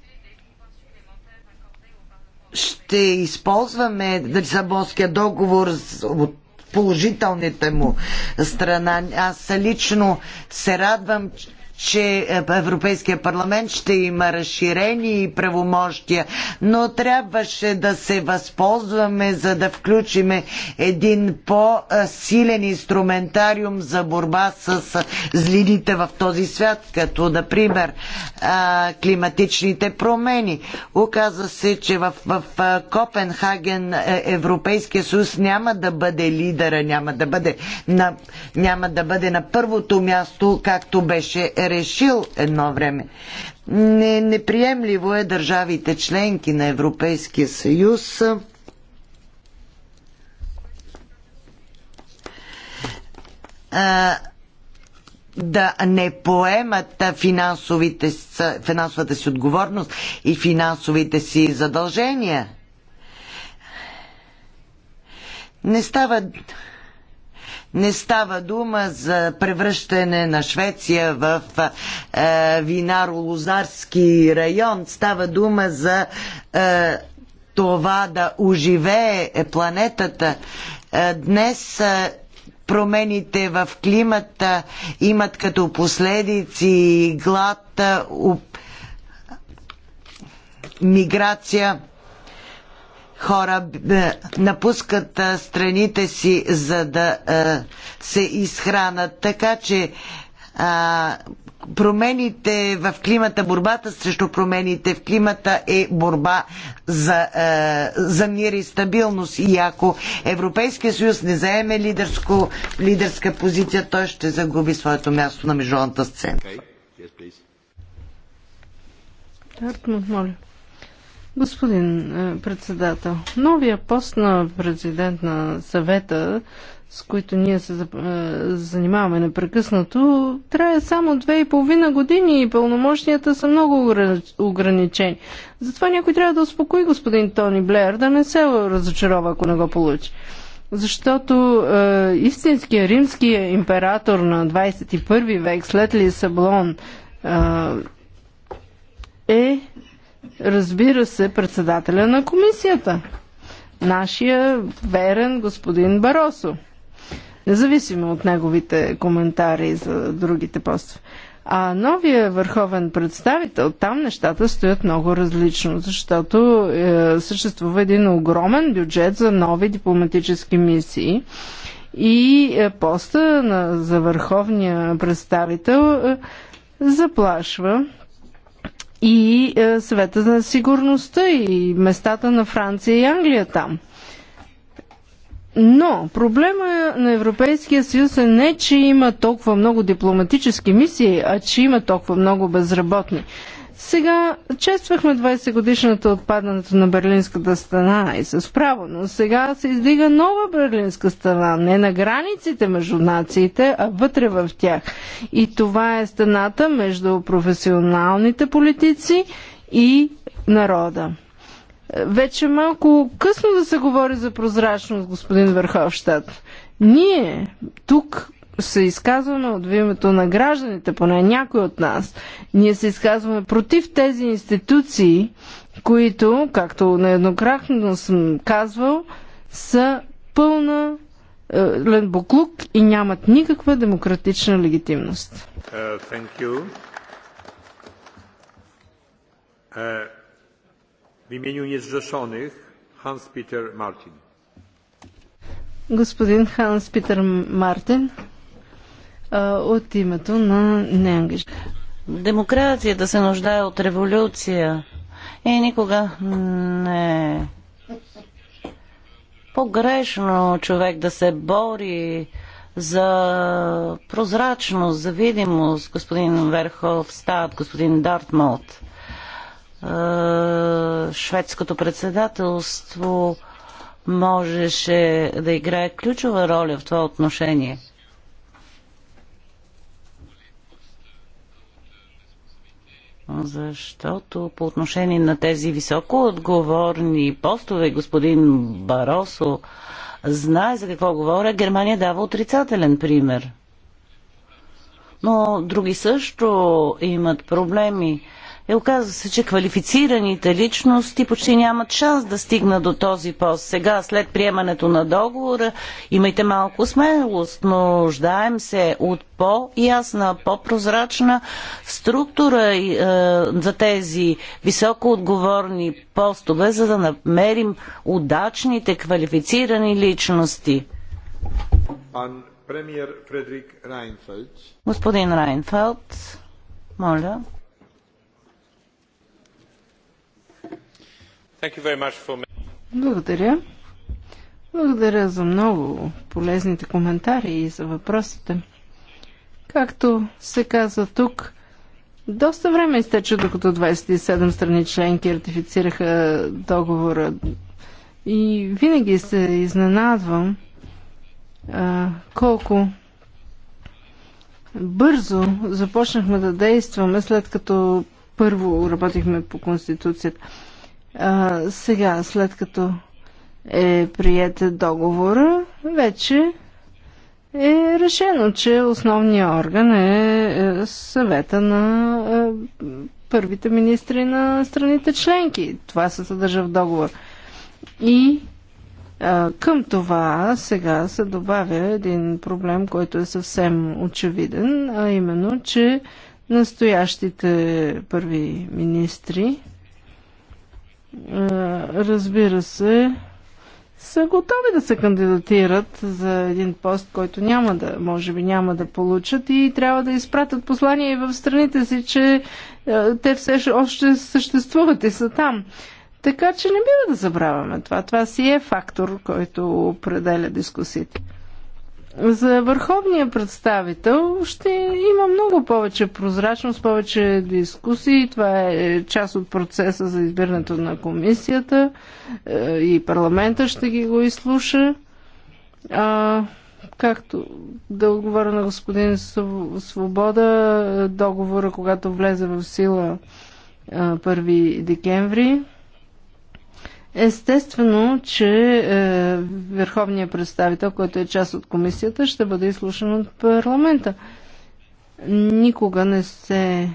ще използваме Лисабонския договор от положителните му страна. Аз лично се радвам, че е, Европейския парламент ще има разширени правомощия, но трябваше да се възползваме, за да включиме един по-силен инструментариум за борба с злините в този свят, като, например, климатичните промени. Оказва се, че в, в Копенхаген е, Европейския съюз няма да бъде лидера, няма да бъде на, няма да бъде на първото място, както беше решил едно време. Не, неприемливо е държавите членки на Европейския съюз а, да не поемат финансовите, финансовата си отговорност и финансовите си задължения. Не става не става дума за превръщане на Швеция в е, винаро-лозарски район. Става дума за е, това да оживее планетата. Е, днес е, промените в климата имат като последици глад, е, миграция хора е, напускат е, страните си, за да е, се изхранат. Така че промените в климата, борбата срещу промените в климата е борба за, е, за мир и стабилност. И ако Европейския съюз не заеме лидерско, лидерска позиция, той ще загуби своето място на международната сцена. Okay. Yes, Господин е, председател, новия пост на президент на съвета, с който ние се е, занимаваме непрекъснато, трябва само две и половина години и пълномощнията са много ограничени. Затова някой трябва да успокои господин Тони Блеер, да не се разочарова, ако не го получи защото е, истинският римски император на 21 век след Лисаблон е, е разбира се, председателя на комисията, нашия верен господин Баросо, независимо от неговите коментари за другите постове. А новия върховен представител, там нещата стоят много различно, защото е, съществува един огромен бюджет за нови дипломатически мисии и е, поста на, за върховния представител е, заплашва и е, света на сигурността и местата на Франция и Англия там. Но проблема на Европейския съюз е не, че има толкова много дипломатически мисии, а че има толкова много безработни. Сега чествахме 20 годишната отпадането на Берлинската стена и с право, но сега се издига нова Берлинска стена, не на границите между нациите, а вътре в тях. И това е стената между професионалните политици и народа. Вече малко късно да се говори за прозрачност, господин Върховщад. Ние тук се изказваме от името на гражданите, поне някой от нас. Ние се изказваме против тези институции, които, както нееднократно съм казвал, са пълна е, буклук и нямат никаква демократична легитимност. Uh, uh, в имени незрешених Ханс Питер Мартин. Господин Ханс Питер Мартин от името на Ненгиш. Демокрацията се нуждае от революция и никога не е погрешно човек да се бори за прозрачност, за видимост, господин стат, господин Дартмолт. Шведското председателство можеше да играе ключова роля в това отношение – Защото по отношение на тези високо отговорни постове, господин Баросо знае за какво говоря, Германия дава отрицателен пример. Но други също имат проблеми. Е, оказва се, че квалифицираните личности почти нямат шанс да стигнат до този пост. Сега, след приемането на договора, имайте малко смелост, но нуждаем се от по-ясна, по-прозрачна структура е, за тези високоотговорни постове, за да намерим удачните квалифицирани личности. Господин Райнфелд, моля. Благодаря. Благодаря за много полезните коментари и за въпросите. Както се каза тук, доста време изтече, докато 27 страни членки ратифицираха договора. И винаги се изненадвам а, колко бързо започнахме да действаме, след като първо работихме по Конституцията. А, сега, след като е прият договора, вече е решено, че основният орган е, е съвета на е, първите министри на страните членки. Това се съдържа в договор. И а, е, към това сега се добавя един проблем, който е съвсем очевиден, а именно, че настоящите първи министри е, разбира се, са готови да се кандидатират за един пост, който няма да, може би няма да получат и трябва да изпратят послания и в страните си, че е, те все още съществуват и са там. Така че не бива да забравяме това. Това си е фактор, който определя дискусиите. За върховния представител ще има много повече прозрачност, повече дискусии. Това е част от процеса за избирането на комисията е, и парламента ще ги го изслуша. А, както да отговоря на господин Свобода, договора, когато влезе в сила 1 декември, Естествено, че е, върховният представител, който е част от комисията, ще бъде изслушан от парламента. Никога не се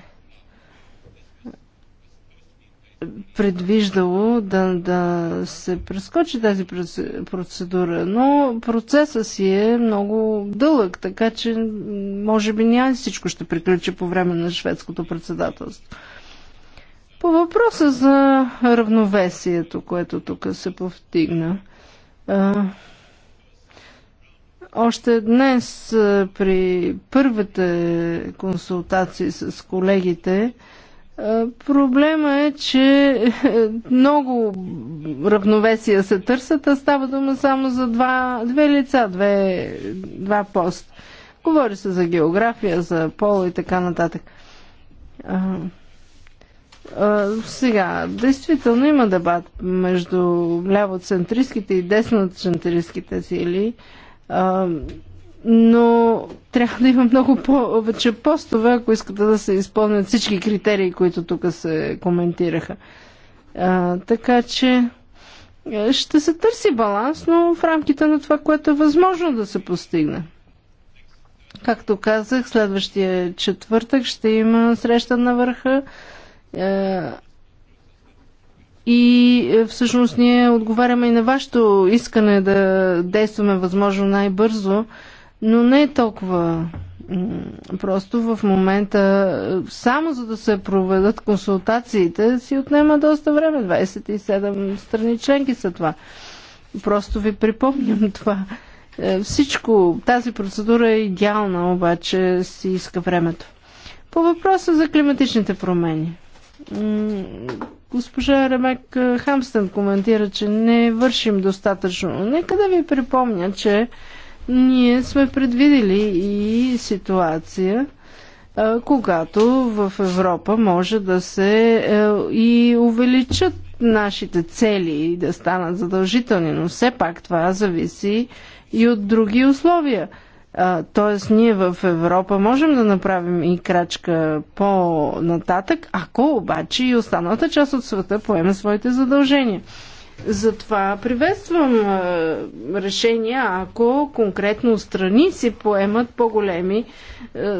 предвиждало да, да се прескочи тази процедура, но процесът си е много дълъг, така че може би няма всичко ще приключи по време на шведското председателство. По въпроса за равновесието, което тук се повтигна. Още днес при първите консултации с колегите проблема е, че много равновесия се търсят, а става дума само за два, две лица, две, два пост. Говори се за география, за пол и така нататък сега, действително има дебат между лявоцентристските и десноцентристските сили, а, но трябва да има много повече постове, ако искате да се изпълнят всички критерии, които тук се коментираха. А, така че ще се търси баланс, но в рамките на това, което е възможно да се постигне. Както казах, следващия четвъртък ще има среща на върха е, и е, всъщност ние отговаряме и на вашето искане да действаме възможно най-бързо, но не е толкова просто в момента, е, само за да се проведат консултациите, си отнема доста време. 27 страни членки са това. Просто ви припомням това. Всичко, тази процедура е идеална, обаче си иска времето. По въпроса за климатичните промени. Госпожа Ребек е, Хамстън коментира, че не вършим достатъчно. Нека да ви припомня, че ние сме предвидели и ситуация, е, когато в Европа може да се е, и увеличат нашите цели и да станат задължителни, но все пак това зависи и от други условия. Тоест, ние в Европа можем да направим и крачка по-нататък, ако обаче и останалата част от света поеме своите задължения. Затова приветствам решения, ако конкретно страни си поемат по-големи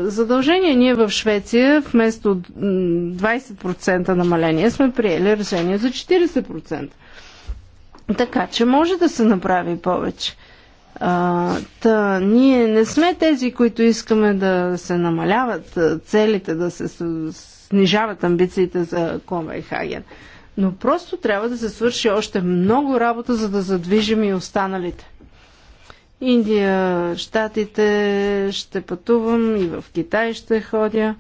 задължения. Ние в Швеция вместо 20% намаление сме приели решение за 40%. Така че може да се направи повече. А, та, ние не сме тези, които искаме да се намаляват целите, да се снижават амбициите за Копенхаген. Но просто трябва да се свърши още много работа, за да задвижим и останалите. Индия, Штатите, ще пътувам и в Китай ще ходя.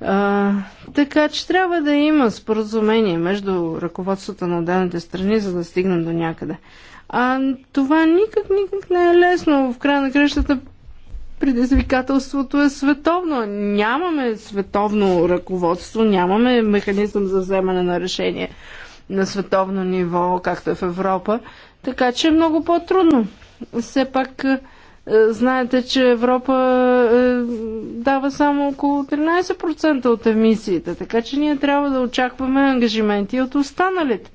А, така че трябва да има споразумение между ръководството на отделните страни, за да стигнем до някъде. А това никак, никак не е лесно. В края на кръщата предизвикателството е световно. Нямаме световно ръководство, нямаме механизъм за вземане на решение на световно ниво, както е в Европа. Така че е много по-трудно. Все пак е, знаете, че Европа е, дава само около 13% от емисиите, така че ние трябва да очакваме ангажименти от останалите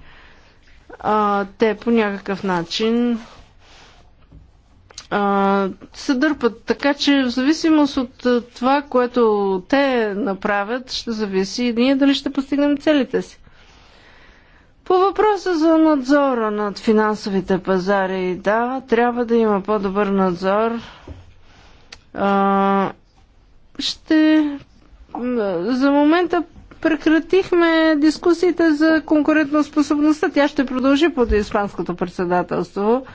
а, те по някакъв начин а, се дърпат. Така че в зависимост от това, което те направят, ще зависи и ние дали ще постигнем целите си. По въпроса за надзора над финансовите пазари, да, трябва да има по-добър надзор. А, ще. За момента прекратихме дискусията за конкурентоспособността. Тя ще продължи под Испанското председателство.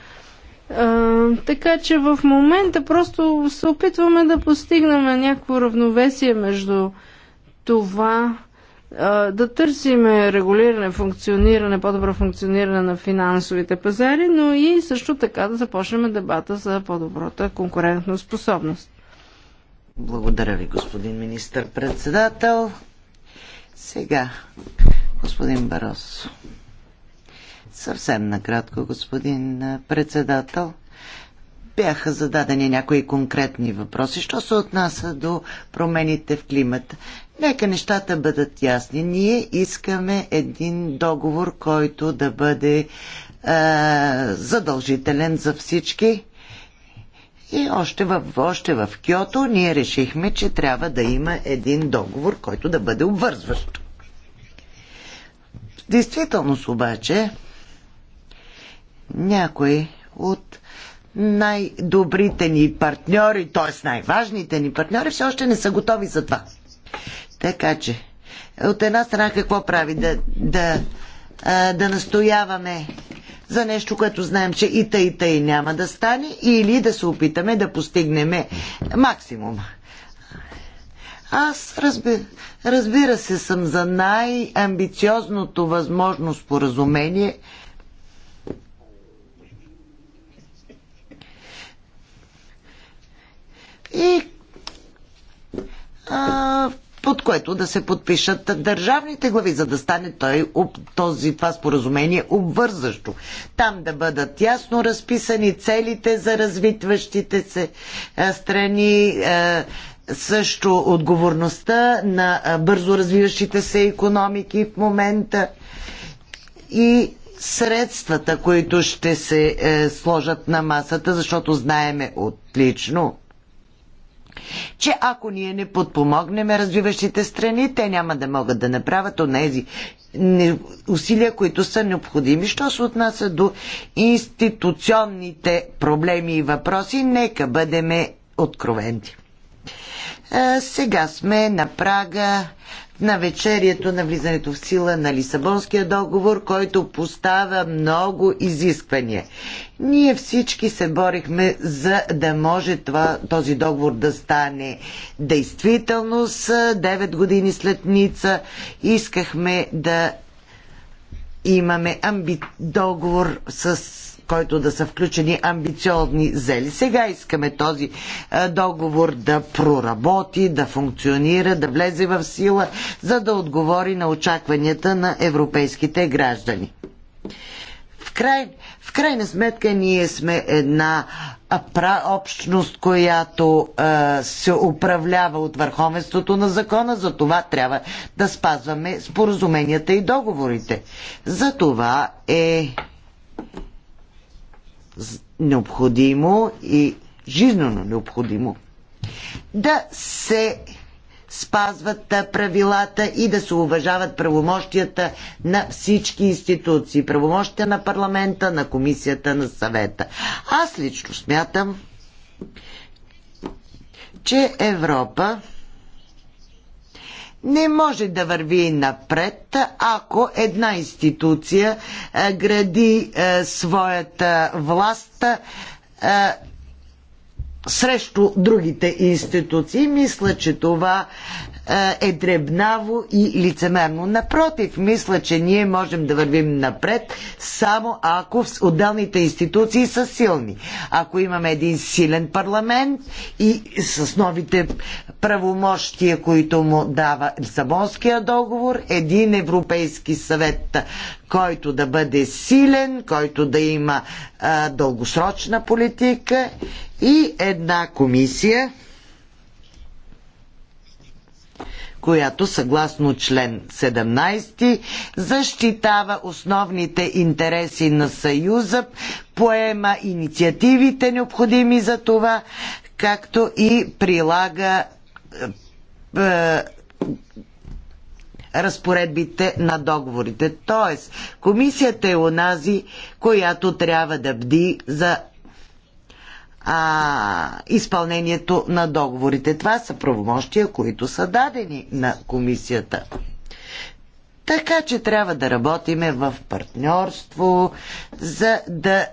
А, така че в момента просто се опитваме да постигнем някакво равновесие между това а, да търсиме регулиране, функциониране, по-добро функциониране на финансовите пазари, но и също така да започнем дебата за по-добрата конкурентна способност. Благодаря ви, господин министър-председател. Сега, господин Барос. Съвсем накратко, господин председател. Бяха зададени някои конкретни въпроси, що се отнася до промените в климата. Нека нещата бъдат ясни. Ние искаме един договор, който да бъде е, задължителен за всички и още в, още в Киото ние решихме, че трябва да има един договор, който да бъде обвързващ. Действително действителност обаче някои от най-добрите ни партньори, т.е. най-важните ни партньори, все още не са готови за това. Така че, от една страна какво прави? Да, да да настояваме за нещо, което знаем, че и тъй, и тъй няма да стане, или да се опитаме да постигнем максимум. Аз разбира, разбира се съм за най-амбициозното възможно споразумение, И а, под което да се подпишат държавните глави, за да стане той, този, това споразумение обвързащо. Там да бъдат ясно разписани целите за развитващите се страни, също отговорността на бързо развиващите се економики в момента и средствата, които ще се е, сложат на масата, защото знаеме отлично, че ако ние не подпомогнем развиващите страни, те няма да могат да направят онези усилия, които са необходими. Що се отнася до институционните проблеми и въпроси, нека бъдеме откровенти. Сега сме на прага на вечерието на влизането в сила на Лисабонския договор, който поставя много изисквания. Ние всички се борихме за да може това, този договор да стане действителност. 9 години след Ница искахме да имаме амби... договор с който да са включени амбициозни зели. Сега искаме този договор да проработи, да функционира, да влезе в сила, за да отговори на очакванията на европейските граждани. В, край, в крайна сметка ние сме една общност, която а, се управлява от върховенството на закона, за това трябва да спазваме споразуменията и договорите. За това е необходимо и жизненно необходимо да се спазват правилата и да се уважават правомощията на всички институции. Правомощията на парламента, на комисията, на съвета. Аз лично смятам, че Европа не може да върви напред, ако една институция е, гради е, своята власт е, срещу другите институции. Мисля, че това е, е дребнаво и лицемерно. Напротив, мисля, че ние можем да вървим напред само ако отделните институции са силни. Ако имаме един силен парламент и с новите правомощия, които му дава Лисабонския договор, един Европейски съвет, който да бъде силен, който да има а, е, дългосрочна политика и една комисия, която съгласно член 17 защитава основните интереси на Съюза, поема инициативите необходими за това, както и прилага е, е, разпоредбите на договорите. Тоест, комисията е онази, която трябва да бди за а, изпълнението на договорите. Това са правомощия, които са дадени на комисията. Така че трябва да работиме в партньорство, за да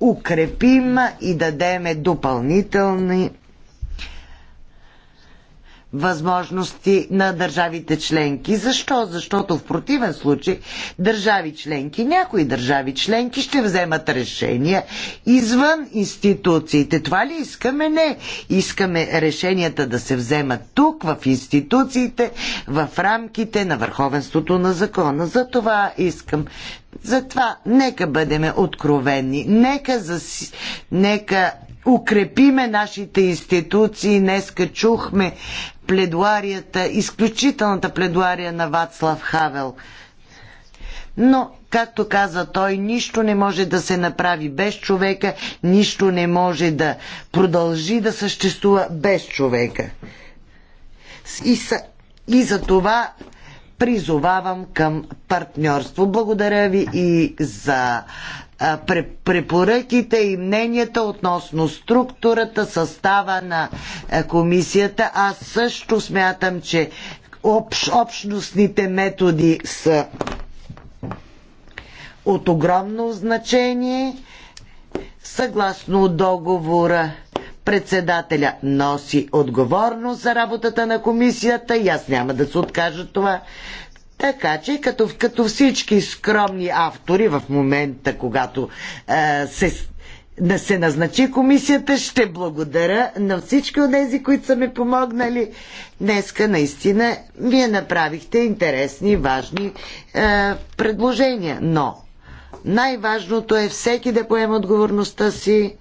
укрепим и дадеме допълнителни възможности на държавите членки. Защо? Защото в противен случай държави членки, някои държави членки ще вземат решения извън институциите. Това ли искаме? Не. Искаме решенията да се вземат тук, в институциите, в рамките на върховенството на закона. За това искам затова нека бъдем откровени, нека, заси... нека укрепиме нашите институции. Днеска чухме пледуарията, изключителната пледуария на Вацлав Хавел. Но, както каза той, нищо не може да се направи без човека, нищо не може да продължи да съществува без човека. И, са, и за това призовавам към партньорство. Благодаря ви и за препоръките и мненията относно структурата, състава на комисията. Аз също смятам, че общ, общностните методи са от огромно значение. Съгласно договора председателя носи отговорност за работата на комисията и аз няма да се откажа това. Така че, като, като всички скромни автори в момента, когато а, е, се, да се назначи комисията, ще благодаря на всички от тези, които са ми помогнали. Днеска наистина вие направихте интересни, важни а, е, предложения, но най-важното е всеки да поема отговорността си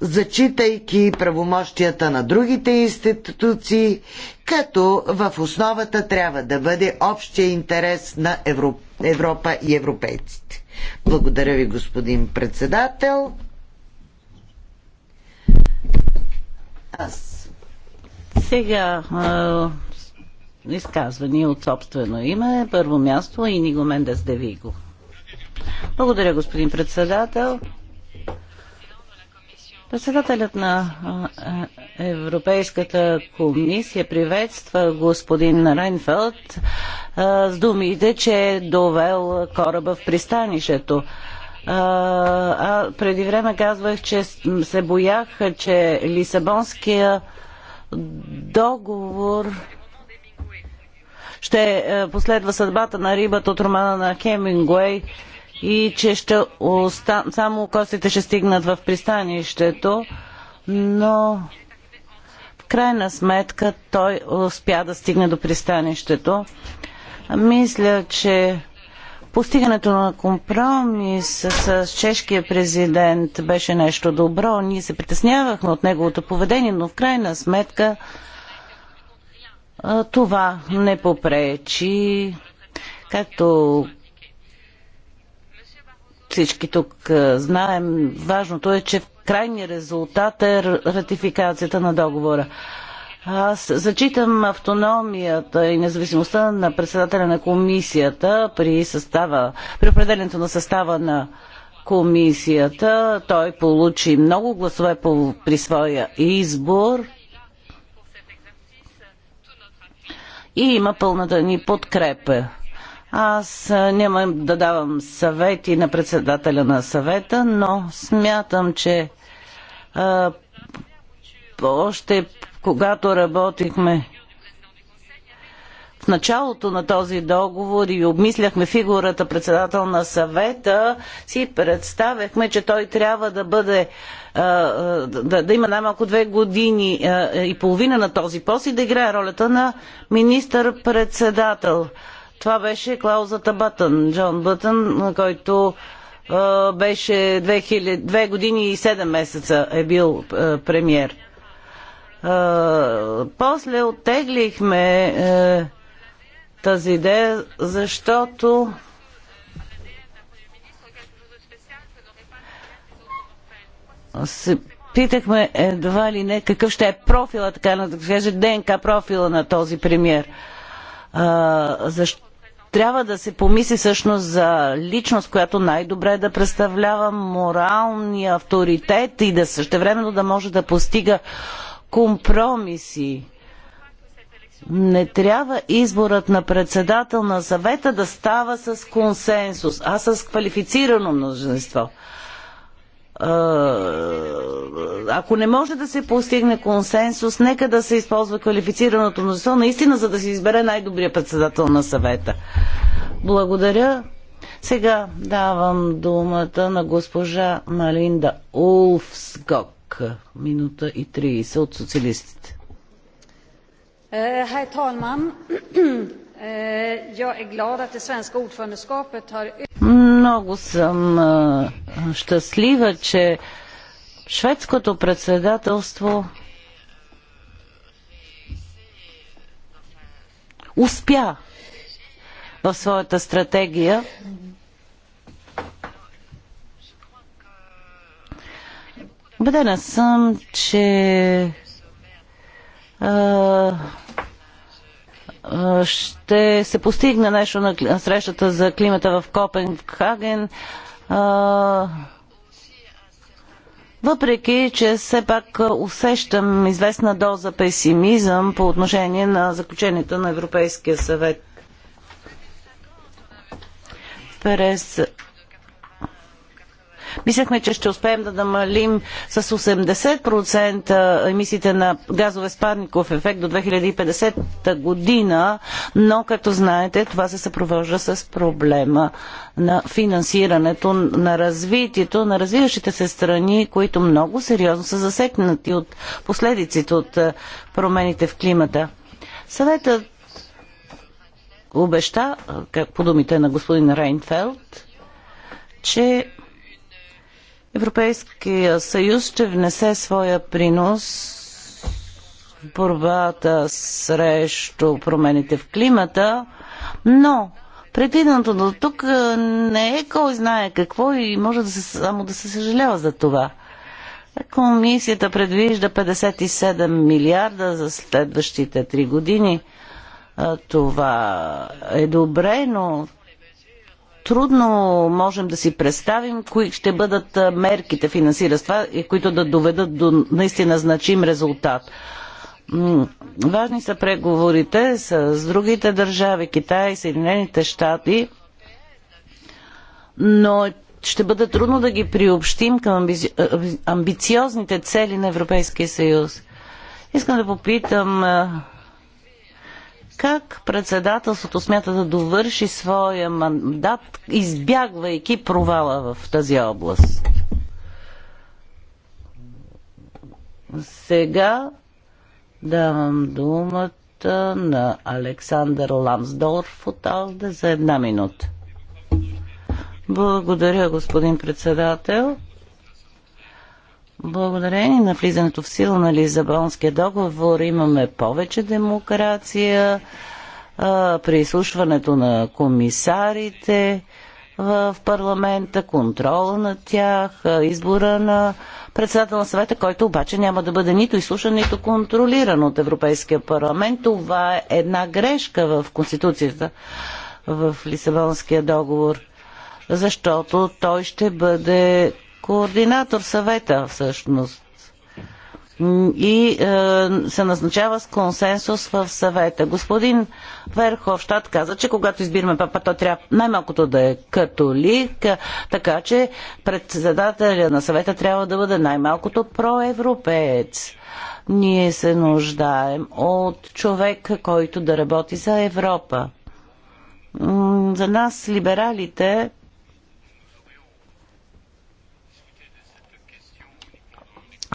зачитайки правомощията на другите институции, като в основата трябва да бъде общия интерес на Европа и европейците. Благодаря ви, господин председател. Аз. Сега изказвани изказвания от собствено име. Първо място Иниго Мендес Девиго. Благодаря, господин председател. Председателят на е, Европейската комисия приветства господин Рейнфелд с думите, че е довел кораба в пристанището. А, преди време казвах, че се боях, че Лисабонския договор ще е, последва съдбата на рибата от романа на Хемингуей – и че ще оста... само костите ще стигнат в пристанището, но в крайна сметка той успя да стигне до пристанището. Мисля, че постигането на компромис с, с чешкия президент беше нещо добро. Ние се притеснявахме от неговото поведение, но в крайна сметка това не попречи. Както всички тук е, знаем. Важното е, че крайният резултат е ратификацията на договора. Аз зачитам автономията и независимостта на председателя на комисията при, състава, при определенето на състава на комисията. Той получи много гласове по, при своя избор и има пълната ни подкрепа аз няма да давам съвети на председателя на съвета, но смятам, че а, още когато работихме в началото на този договор и обмисляхме фигурата председател на съвета, си представяхме, че той трябва да бъде да, да има най-малко две години и половина на този пост и да играе ролята на министър-председател. Това беше клаузата Бътън, Джон Бътън, който е, беше 2000, 2 години и 7 месеца е бил е, премьер. Е, после оттеглихме е, тази идея, защото се питахме едва ли не какъв ще е профила, така да кажа, ДНК профила на този премьер. защо трябва да се помисли всъщност за личност, която най-добре да представлява моралния авторитет и да същевременно да може да постига компромиси. Не трябва изборът на председател на съвета да става с консенсус, а с квалифицирано мнозинство ако не може да се постигне консенсус, нека да се използва квалифицираното мнозинство, наистина, за да се избере най-добрия председател на съвета. Благодаря. Сега давам думата на госпожа Малинда Улфскок. Минута и 30 от социалистите. Е, хай, Талман. Е, я е glad че det svenska har много съм щастлива, че шведското председателство успя в своята стратегия Убедена съм, че а, ще се постигне нещо на срещата за климата в Копенхаген. Въпреки, че все пак усещам известна доза песимизъм по отношение на заключенията на Европейския съвет. През Мислехме, че ще успеем да намалим с 80% емисиите на газове с парников ефект до 2050 година, но като знаете, това се съпровожда с проблема на финансирането на развитието на развиващите се страни, които много сериозно са засекнати от последиците от е, промените в климата. Съветът обеща, е, как по думите на господин Рейнфелд, че Европейския съюз ще внесе своя принос в борбата срещу промените в климата, но предвиденото до тук не е кой знае какво и може да се, само да се съжалява за това. Комисията предвижда 57 милиарда за следващите 3 години. Това е добре, но трудно можем да си представим кои ще бъдат мерките, финансира с това, които да доведат до наистина значим резултат. Важни са преговорите с другите държави, Китай, Съединените щати, но ще бъде трудно да ги приобщим към амбициозните цели на Европейския съюз. Искам да попитам как председателството смята да довърши своя мандат, избягвайки провала в тази област? Сега давам думата на Александър Ламсдорф от Алде за една минута. Благодаря, господин председател. Благодарение на влизането в сила на Лизабонския договор имаме повече демокрация при изслушването на комисарите в парламента, контрола на тях, избора на председател на съвета, който обаче няма да бъде нито изслушан, нито контролиран от Европейския парламент. Това е една грешка в Конституцията, в Лисабонския договор, защото той ще бъде координатор съвета всъщност и е, се назначава с консенсус в съвета. Господин Верховщад каза, че когато избираме папа, то трябва най-малкото да е католик, е, така че председателя на съвета трябва да бъде най-малкото проевропеец. Ние се нуждаем от човек, който да работи за Европа. За нас, либералите,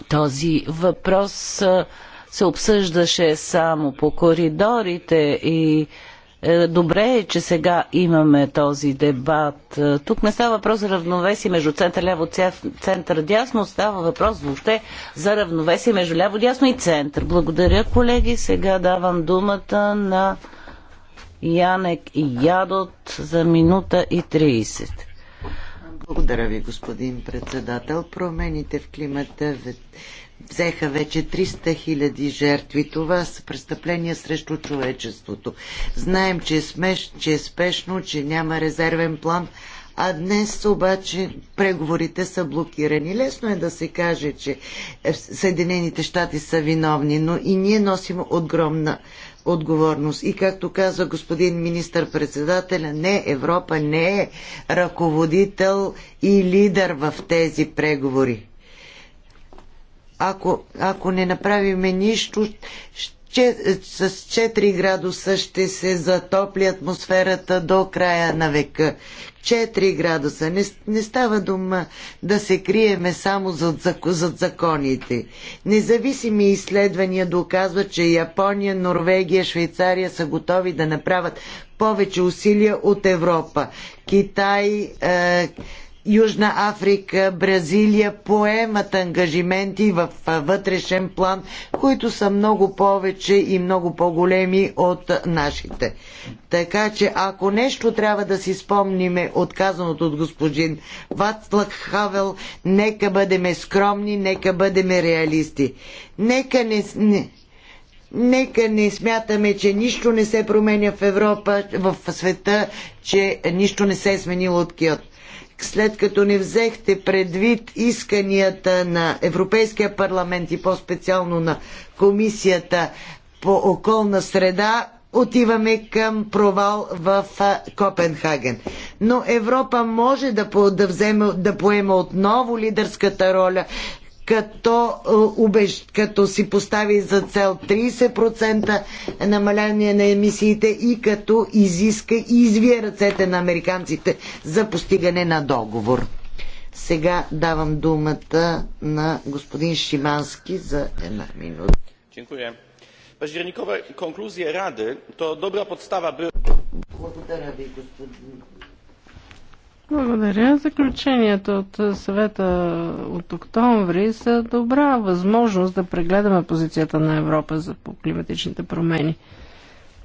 Този въпрос се обсъждаше само по коридорите и е, добре е, че сега имаме този дебат. Тук не става въпрос за равновесие между център ляво център дясно, става въпрос въобще за равновесие между ляво дясно и център. Благодаря, колеги. Сега давам думата на Янек и Ядот за минута и 30. Благодаря ви, господин председател. Промените в климата взеха вече 300 хиляди жертви. Това са престъпления срещу човечеството. Знаем, че е, смеш, че е спешно, че няма резервен план, а днес обаче преговорите са блокирани. Лесно е да се каже, че Съединените щати са виновни, но и ние носим огромна отговорност. И както каза господин министър-председателя, не, Европа не е ръководител и лидер в тези преговори. Ако, ако не направиме нищо, ще с 4 градуса ще се затопли атмосферата до края на века. 4 градуса. Не, не става дума да се криеме само зад, зад законите. Независими изследвания доказват, че Япония, Норвегия, Швейцария са готови да направят повече усилия от Европа. Китай. Е, Южна Африка, Бразилия поемат ангажименти в вътрешен план, които са много повече и много по-големи от нашите. Така че ако нещо трябва да си спомниме отказаното от господин Вацлак Хавел, нека бъдеме скромни, нека бъдеме реалисти. Нека не, не, Нека не смятаме, че нищо не се променя в Европа, в света, че нищо не се е сменило от Киото след като не взехте предвид исканията на Европейския парламент и по-специално на Комисията по околна среда, отиваме към провал в Копенхаген. Но Европа може да, по, да, вземе, да поема отново лидерската роля като, е, убеж, като си постави за цел 30% намаляние на емисиите и като изиска и извие ръцете на американците за постигане на договор. Сега давам думата на господин Шимански за една минута. Благодаря ви, господин благодаря. Заключенията от съвета от октомври са добра възможност да прегледаме позицията на Европа за климатичните промени.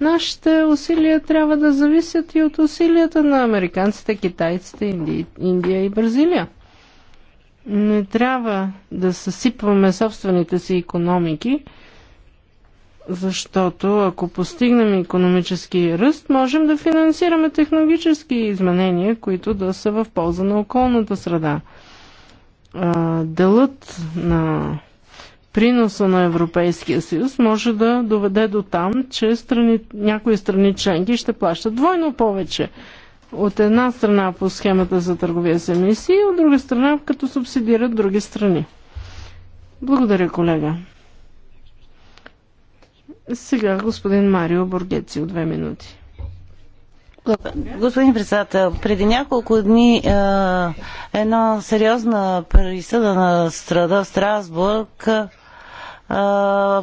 Нашите усилия трябва да зависят и от усилията на американците, китайците, Индия и Бразилия. Не трябва да съсипваме собствените си економики – защото ако постигнем економически ръст, можем да финансираме технологически изменения, които да са в полза на околната среда. Делът на приноса на Европейския съюз може да доведе до там, че страни, някои страни членки ще плащат двойно повече от една страна по схемата за търговия с емисии, от друга страна като субсидират други страни. Благодаря, колега. Сега господин Марио Боргеци от две минути. Господин председател, преди няколко дни е, една сериозна присъда на страда в Страсбург е,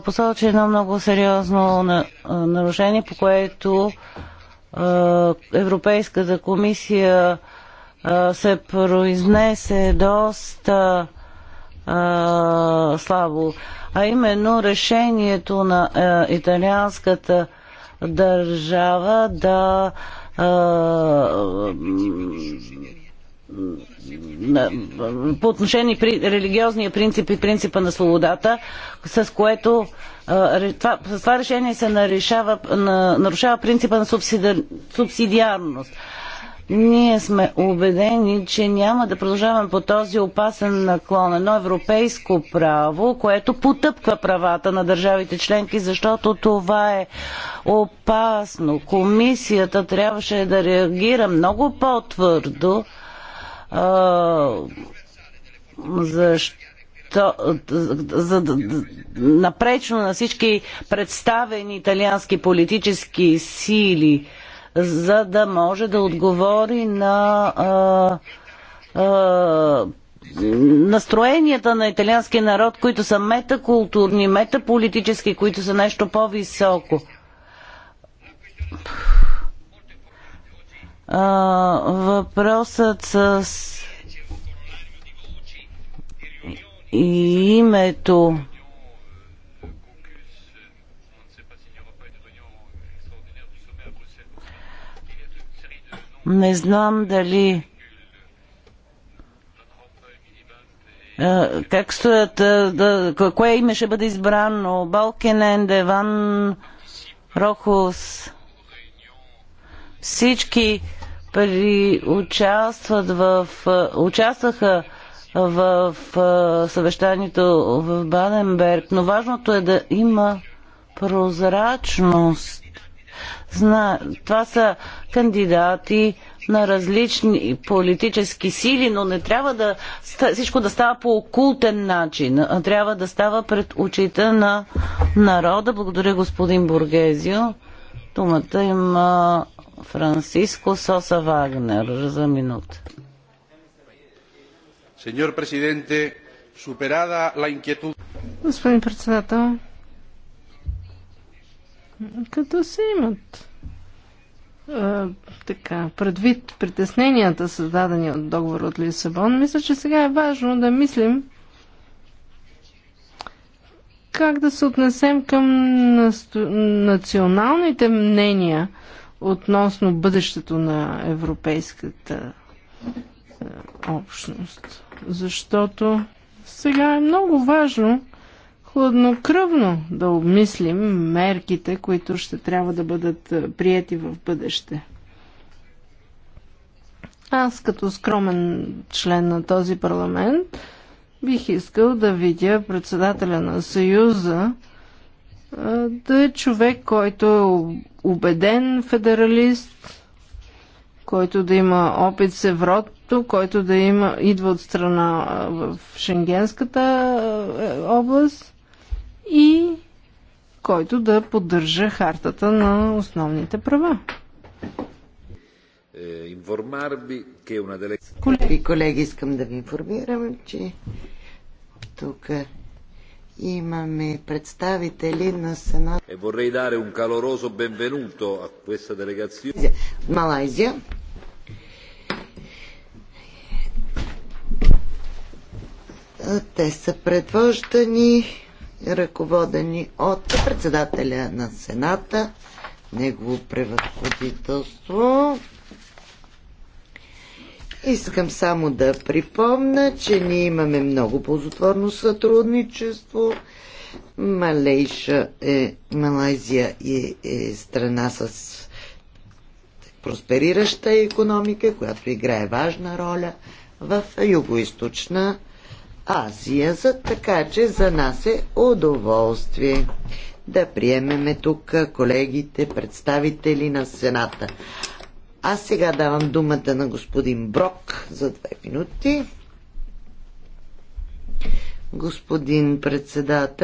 посочи едно много сериозно на, е, нарушение, по което е, Европейската комисия е, се произнесе доста слабо. А именно решението на италианската държава да по отношение при религиозния принцип и принципа на свободата, с което това, с това решение се нарешава, нарушава принципа на субсидиарност. Ние сме убедени, че няма да продължаваме по този опасен наклон. Едно европейско право, което потъпква правата на държавите членки, защото това е опасно. Комисията трябваше да реагира много по-твърдо, защото то, за, напречно на всички представени италиански политически сили за да може да отговори на а, а, настроенията на италианския народ, които са метакултурни, метаполитически, които са нещо по-високо. въпросът с името Не знам дали как стоят, да, кое име ще бъде избрано? Балкенен, Деван, Рохус. Всички при участват в, участваха в, в съвещанието в Баденберг, но важното е да има прозрачност Зна... Това са кандидати на различни политически сили, но не трябва да всичко да става по окултен начин, а трябва да става пред очите на народа. Благодаря господин Бургезио. Думата има Франциско Соса Вагнер за минута. Господин председател, като се имат а, така, предвид притесненията, създадени от договор от Лисабон, мисля, че сега е важно да мислим как да се отнесем към националните мнения относно бъдещето на европейската общност. Защото сега е много важно хладнокръвно да обмислим мерките, които ще трябва да бъдат е, прияти в бъдеще. Аз като скромен член на този парламент бих искал да видя председателя на Съюза е, да е човек, който е убеден федералист, който да има опит с еврото, който да има, идва от страна е, в Шенгенската област и който да поддържа хартата на основните права. Е, е колеги, колеги, искам да ви информирам, че тук имаме представители на Сенат. E vorrei dare un caloroso benvenuto a questa delegazione. Малайзия. Те са предвождани ръководени от председателя на Сената, негово превъзходителство. Искам само да припомна, че ние имаме много ползотворно сътрудничество. Малейша е, Малайзия е, е страна с просперираща економика, която играе важна роля в югоизточна Азия, за така че за нас е удоволствие да приемеме тук колегите, представители на Сената. Аз сега давам думата на господин Брок за две минути. Господин председател,